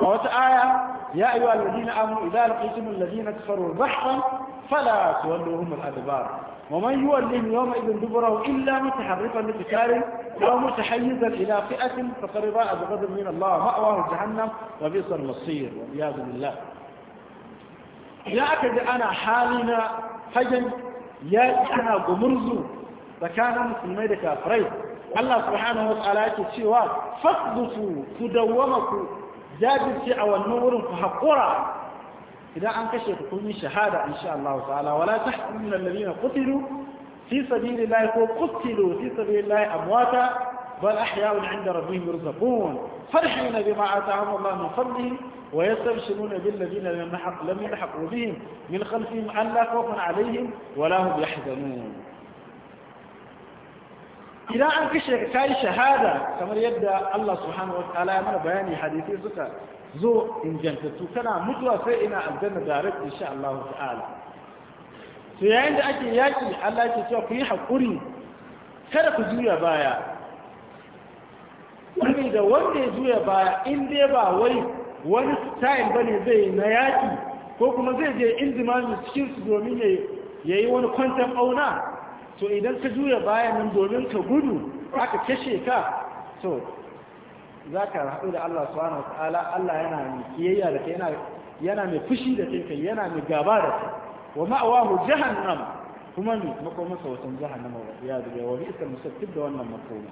a wata aya ya ayu halladina amanu idza laqitum alladhina kafaru zahfan فلا تولوهم الأدبار ومن يولهم يومئذ دبره إلا متحرفا او متحيزا إلى فئة فقرضاء بغدر من الله مأواه جهنم وبئس المصير والعياذ بالله. يا أكد أنا حالنا فجن يا إحنا قمرزو فكان مسلمين كافرين الله سبحانه وتعالى يتشيوات فاقدسوا تدومكم جاد الشعوى النور فحقرا إذا أنكشف كوني شهادة إن شاء الله تعالى ولا من الذين قتلوا في سبيل الله قتلوا في سبيل الله أمواتا بل أحياء عند ربهم يرزقون فرحين بما آتاهم الله من فضله ويستبشرون بالذين لم يلحقوا بهم من خلفهم ألا خوف عليهم ولا هم يحزنون إذا أنكشف كاي شهادة كما يبدأ الله سبحانه وتعالى من بيان حديثي سكر zo ingantattu kana mutuwa sai ina aljanna direct insha Allah ta'ala to yayin da ake yaki Allah ke cewa ku yi hakuri kada ku juya baya wani da wanda ya juya baya in dai ba wai wani style bane zai na yaki ko kuma zai je indimami cikin su domin ya yi wani kwantan auna to idan ka juya baya nan domin ka gudu aka kashe ka to za ka haɗu da Allah subhanahu wa ta'ala Allah yana mai kiyayya da kai yana mai fushi da kai yana mai gaba da kai wa ma'awahu jahannam kuma ne makomansa wasan jahannama wa ya zuwa wa isa musaffid da wannan makoma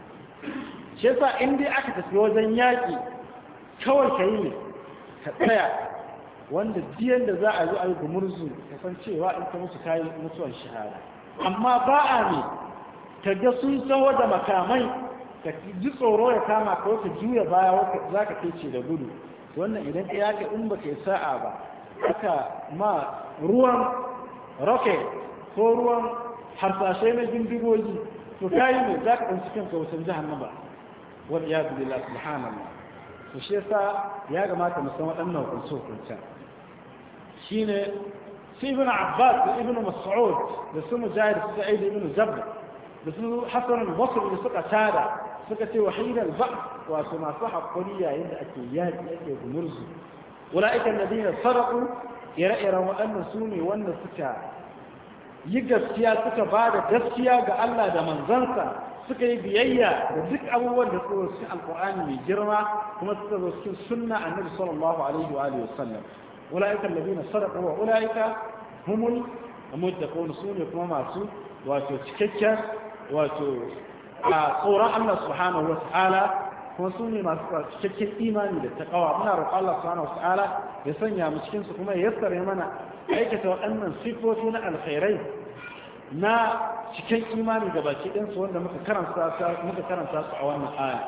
shi yasa in dai aka tafi wajen yaƙi kawai ka yi ne ka tsaya wanda diyan da za a zo a yi gumurzu ka san cewa in ka musu kayi mutuwar amma ba a ne ka ga sun san da makamai ka ji tsoro ya kama ka juya baya za ka kece da gudu wannan idan ya ga in ba kai sa'a ba aka ma ruwan roke ko ruwan harsashe na bindigogi to kayi ne za ka ɗansu kanka wasan ba wani ya zubi la subhanallah to shi yasa ya gama ta musamman waɗannan hukunce hukuncen shine sai ibn abbas da ibn mas'ud da su mujahid su sa'id ibn da su hasan al da suka tada suka ce wa hinar ba wato masu haƙuri yayin da ake yaƙi ake gumurzu wula'ikan da dina saraku ire-iren waɗannan su ne wanda suka yi gaskiya suka ba da gaskiya ga Allah da manzansa suka yi biyayya da duk abubuwan da suka cikin alkur'ani mai girma kuma suka zo cikin sunna annabi sallallahu alaihi wa alihi wasallam ulaika alladhina sadaqu wa ulaika humul muttaqun sune kuma masu wato cikakken wato a tsoron Allah subhanahu wa ta'ala kuma su ne masu cikakken imani da ta kawa muna roƙon Allah subhanahu wa ta'ala ya sanya mu cikin su kuma ya yassare mana aikata waɗannan sifofi na alkhairai na cikin imani da baki ɗin su wanda muka karanta muka karanta su a wannan aya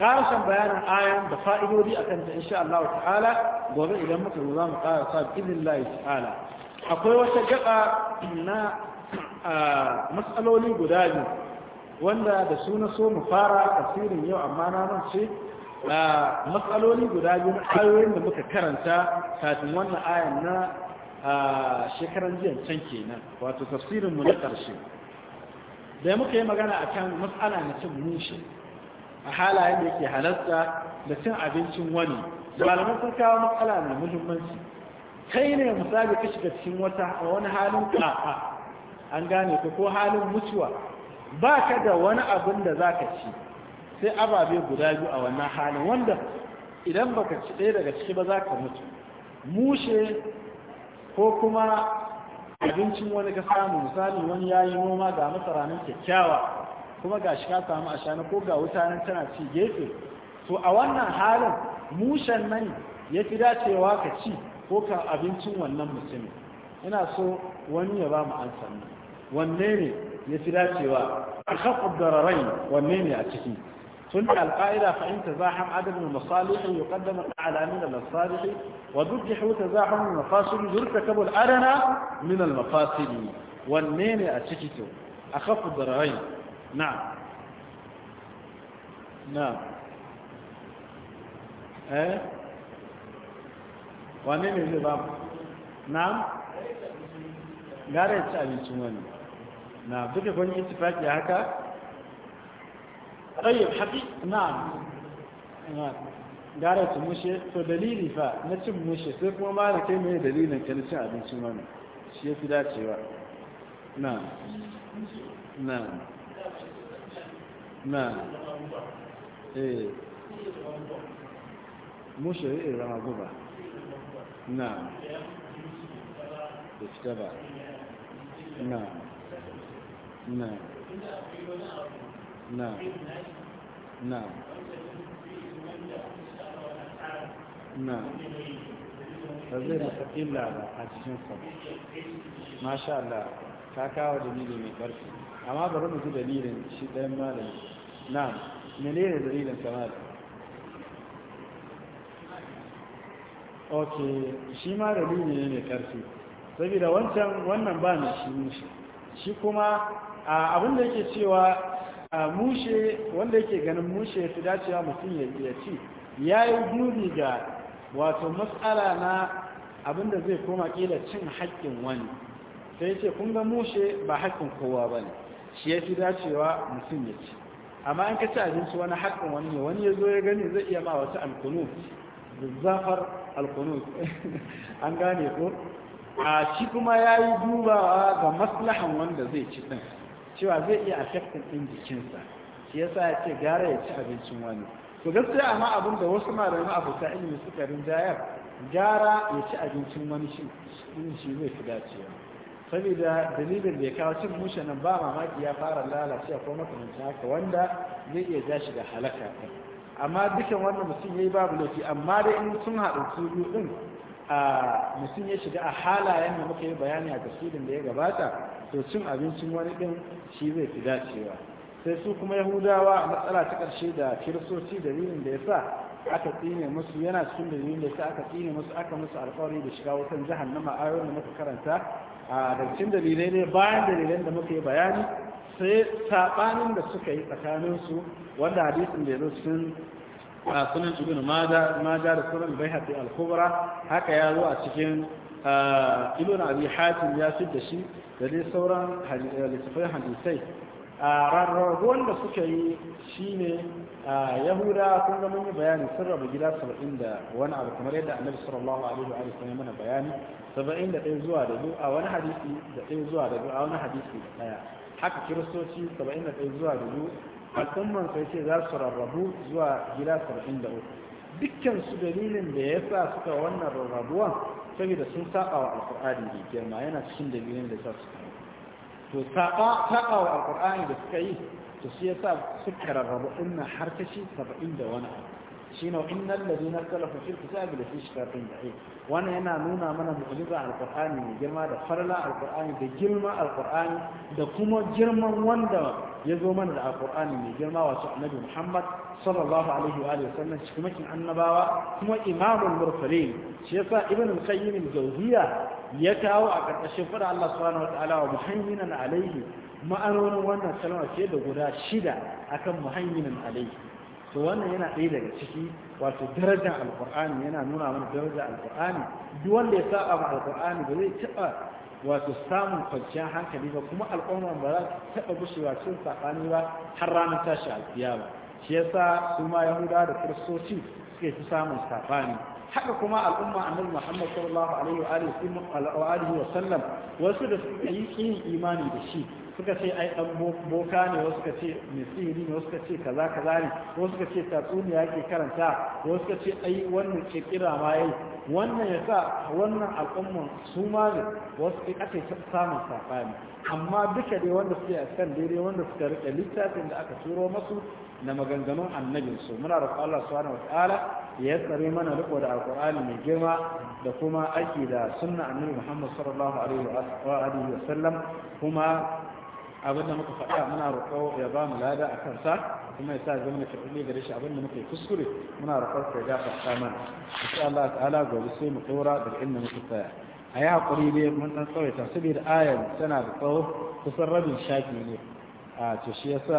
karshen bayanin ayan da fa'idodi akan ta insha Allah ta'ala gobe idan muka zo za mu ƙara sa bi'illahi ta'ala akwai wata gaba na matsaloli guda biyu wanda da suna so mu fara tasirin yau amma na a matsaloli guda biyu na ayoyin da muka karanta kafin wannan ayan na shekaran jiya can kenan wato tafsirin mu na ƙarshe da muka yi magana a kan matsala na cin mushi a halayen da yake halarta da cin abincin wani malaman sun kawo matsala mai muhimmanci kai ne misali ka shiga cikin wata wani halin ƙa'a an gane ko halin mutuwa ba ka da wani abin da za ka ci sai ababe guda biyu a wannan halin wanda idan ba ka ci ɗaya daga ciki ba za ka mutu mushe ko kuma abincin wani ka samu misali wani ya yi noma ga masaranin kyakkyawa kuma ga shi ka samu a shana ko ga wuta nan tana ci gefe to a wannan halin mushen nan ya fi dacewa ka ci ko ka abincin wannan mutumin ina so wani ya ba mu an sannan wanne ne نسلاتي وخفق الضررين والنين يأتكين ثم القائلة فإن تزاحم عدد من المصالح يقدم على من المصالح وذجح تزاحم المفاصل يرتكب الأرنى من المفاصل والنين يأتكين أخف الضررين نعم نعم ايه والنين يجب نعم قالت أبي سواني na duka kun yi tufaki haka tsayyar haƙi na gara su mushe to dalili fa na cin mushe sai kuma ma da kai mai dalilin ka na cin abincin wani shi ya fi dacewa na na na eh mushe ya zama guba na da fita ba na na na na na na, na, na, na, na, na, na, na, na, na, na, na, na, na, na, na, na, na, na menene shi ma dalili ne mai ƙarfi saboda wancan wannan ba na, shi shi kuma abin da yake cewa mushe wanda yake ganin mushe su dacewa mutum ya iya ci ya yi dubi ga wato matsala na abin da zai koma kila cin haƙƙin wani sai ce kun ga mushe ba haƙƙin kowa ba ne shi ya fi dacewa mutum ya ci amma an ka abinci wani haƙƙin wani ne wani ya zo ya gani zai iya ba wata alkunu zafar alkunu an gane ko a shi kuma ya yi dubawa ga maslahan wanda zai ci ɗin cewa zai iya affecting ɗin jikinsa shi yasa ya ce gara ya ci abincin wani to gaskiya amma abin da wasu malamai abota ilimi suka rinjayar gara ya ci abincin wani shi shi zai fi dacewa saboda dalilin da ya kawo cin mushe nan ba mamaki ya fara lalacewa ko makamancin haka wanda zai iya ja shi da halaka ɗin amma dukan wannan mutum ya babu laifi amma dai in sun haɗu su biyu ɗin a mutum ya shiga a halayen da muka yi bayani a tasirin da ya gabata to cin abincin wani ɗin shi zai fi dacewa sai su kuma yahudawa a matsala ta ƙarshe da kiristoci dalilin da ya sa aka tsine musu yana cikin dalilin da ya sa aka tsine musu aka musu alƙawari da shiga wutan jahannama ayoyin da muka karanta a dalcin dalilai ne bayan dalilan da muka yi bayani sai saɓanin da suka yi tsakanin su wanda hadisin da ya zo cikin sunan ibn da sunan bai haɗe al haka ya zo a cikin ibn abi hatim ya fi da shi da dai sauran littafai hadisai a rarrabuwan da suka yi shi ne yahuda kun ga mun yi bayani sun rabu gida saba'in da wani abu kamar yadda annabi sallallahu alaihi wa sallam mana bayani saba'in da ɗaya zuwa da a wani hadisi da ɗaya zuwa da a wani hadisi da ɗaya haka kiristoci saba'in da ɗaya zuwa da biyu al'umman sai ce za su rarrabu zuwa gida saba'in da uku dukkan su dalilin da ya sa suka wannan rarrabuwan saboda sun saba wa alkur'ani da girma yana cikin dalilin da za su kama to saba wa alkur'ani da suka yi to shi yasa suka rarraba inna har kashi saba'in da wani abu shine innal ladina salafu fil kitabi la fi shikatin da'i wannan yana nuna mana mu'jiza alkur'ani mai girma da farla alkur'ani da girma alkur'ani da kuma girman wanda ya zo mana da Alƙur'ani mai girma wasu annabi muhammad sallallahu alaihi wa alihi wasallam annabawa kuma imamul mursalin shi yasa ibn qayyim al-jawziya ya kawo a karkashin fara Allah subhanahu wa ta'ala wa muhaiminan alaihi ma'anonin wannan kalma ce da guda shida akan muhaiminan alaihi to wannan yana ɗaya daga ciki wato darajar alƙur'ani yana nuna mana darajar alƙur'ani duk wanda ya saba ma alƙur'ani ba zai taɓa wato samun kwanciyar hankali ba kuma al'umma ba za ta taɓa gushewa cikin sakani ba har ranar tashi ba shi yasa su ma Yahuda da kiristoci suke fi samun sabani haka kuma al'umma annabi Muhammad sallallahu alaihi wa alihi wa sallam wasu da suka yi kin imani da shi suka ce ai dan boka ne wasu suka ce misiri ne wasu suka ce kaza kaza ne wasu suka ce tatsuniya yake karanta wasu suka ce ai wannan kirkira ma yayi wannan ya sa wannan al'ummar su ma ne wasu ɗin ake samun safani amma duka dai wanda suke a kan daidai wanda suka rike littafin da aka turo masu na maganganun annabin su muna da Allah subhanahu wataala ya tsare mana riko da alƙur'ani mai girma da kuma aiki da sunna annabi Muhammad sallallahu alaihi wa wa sallam kuma abin da muka faɗa muna roƙo ya ba mu lada a kansa kuma ya sa zama na karɓi gare shi abin da muka yi kuskure muna roƙon ka ya gafarta insha Allah ta'ala gobe sai mu tsora daga inda muka tsaya a yi haƙuri ne mun ɗan tsawaita saboda ayar tana da tsawo kusan rabin shafi ne a to shi yasa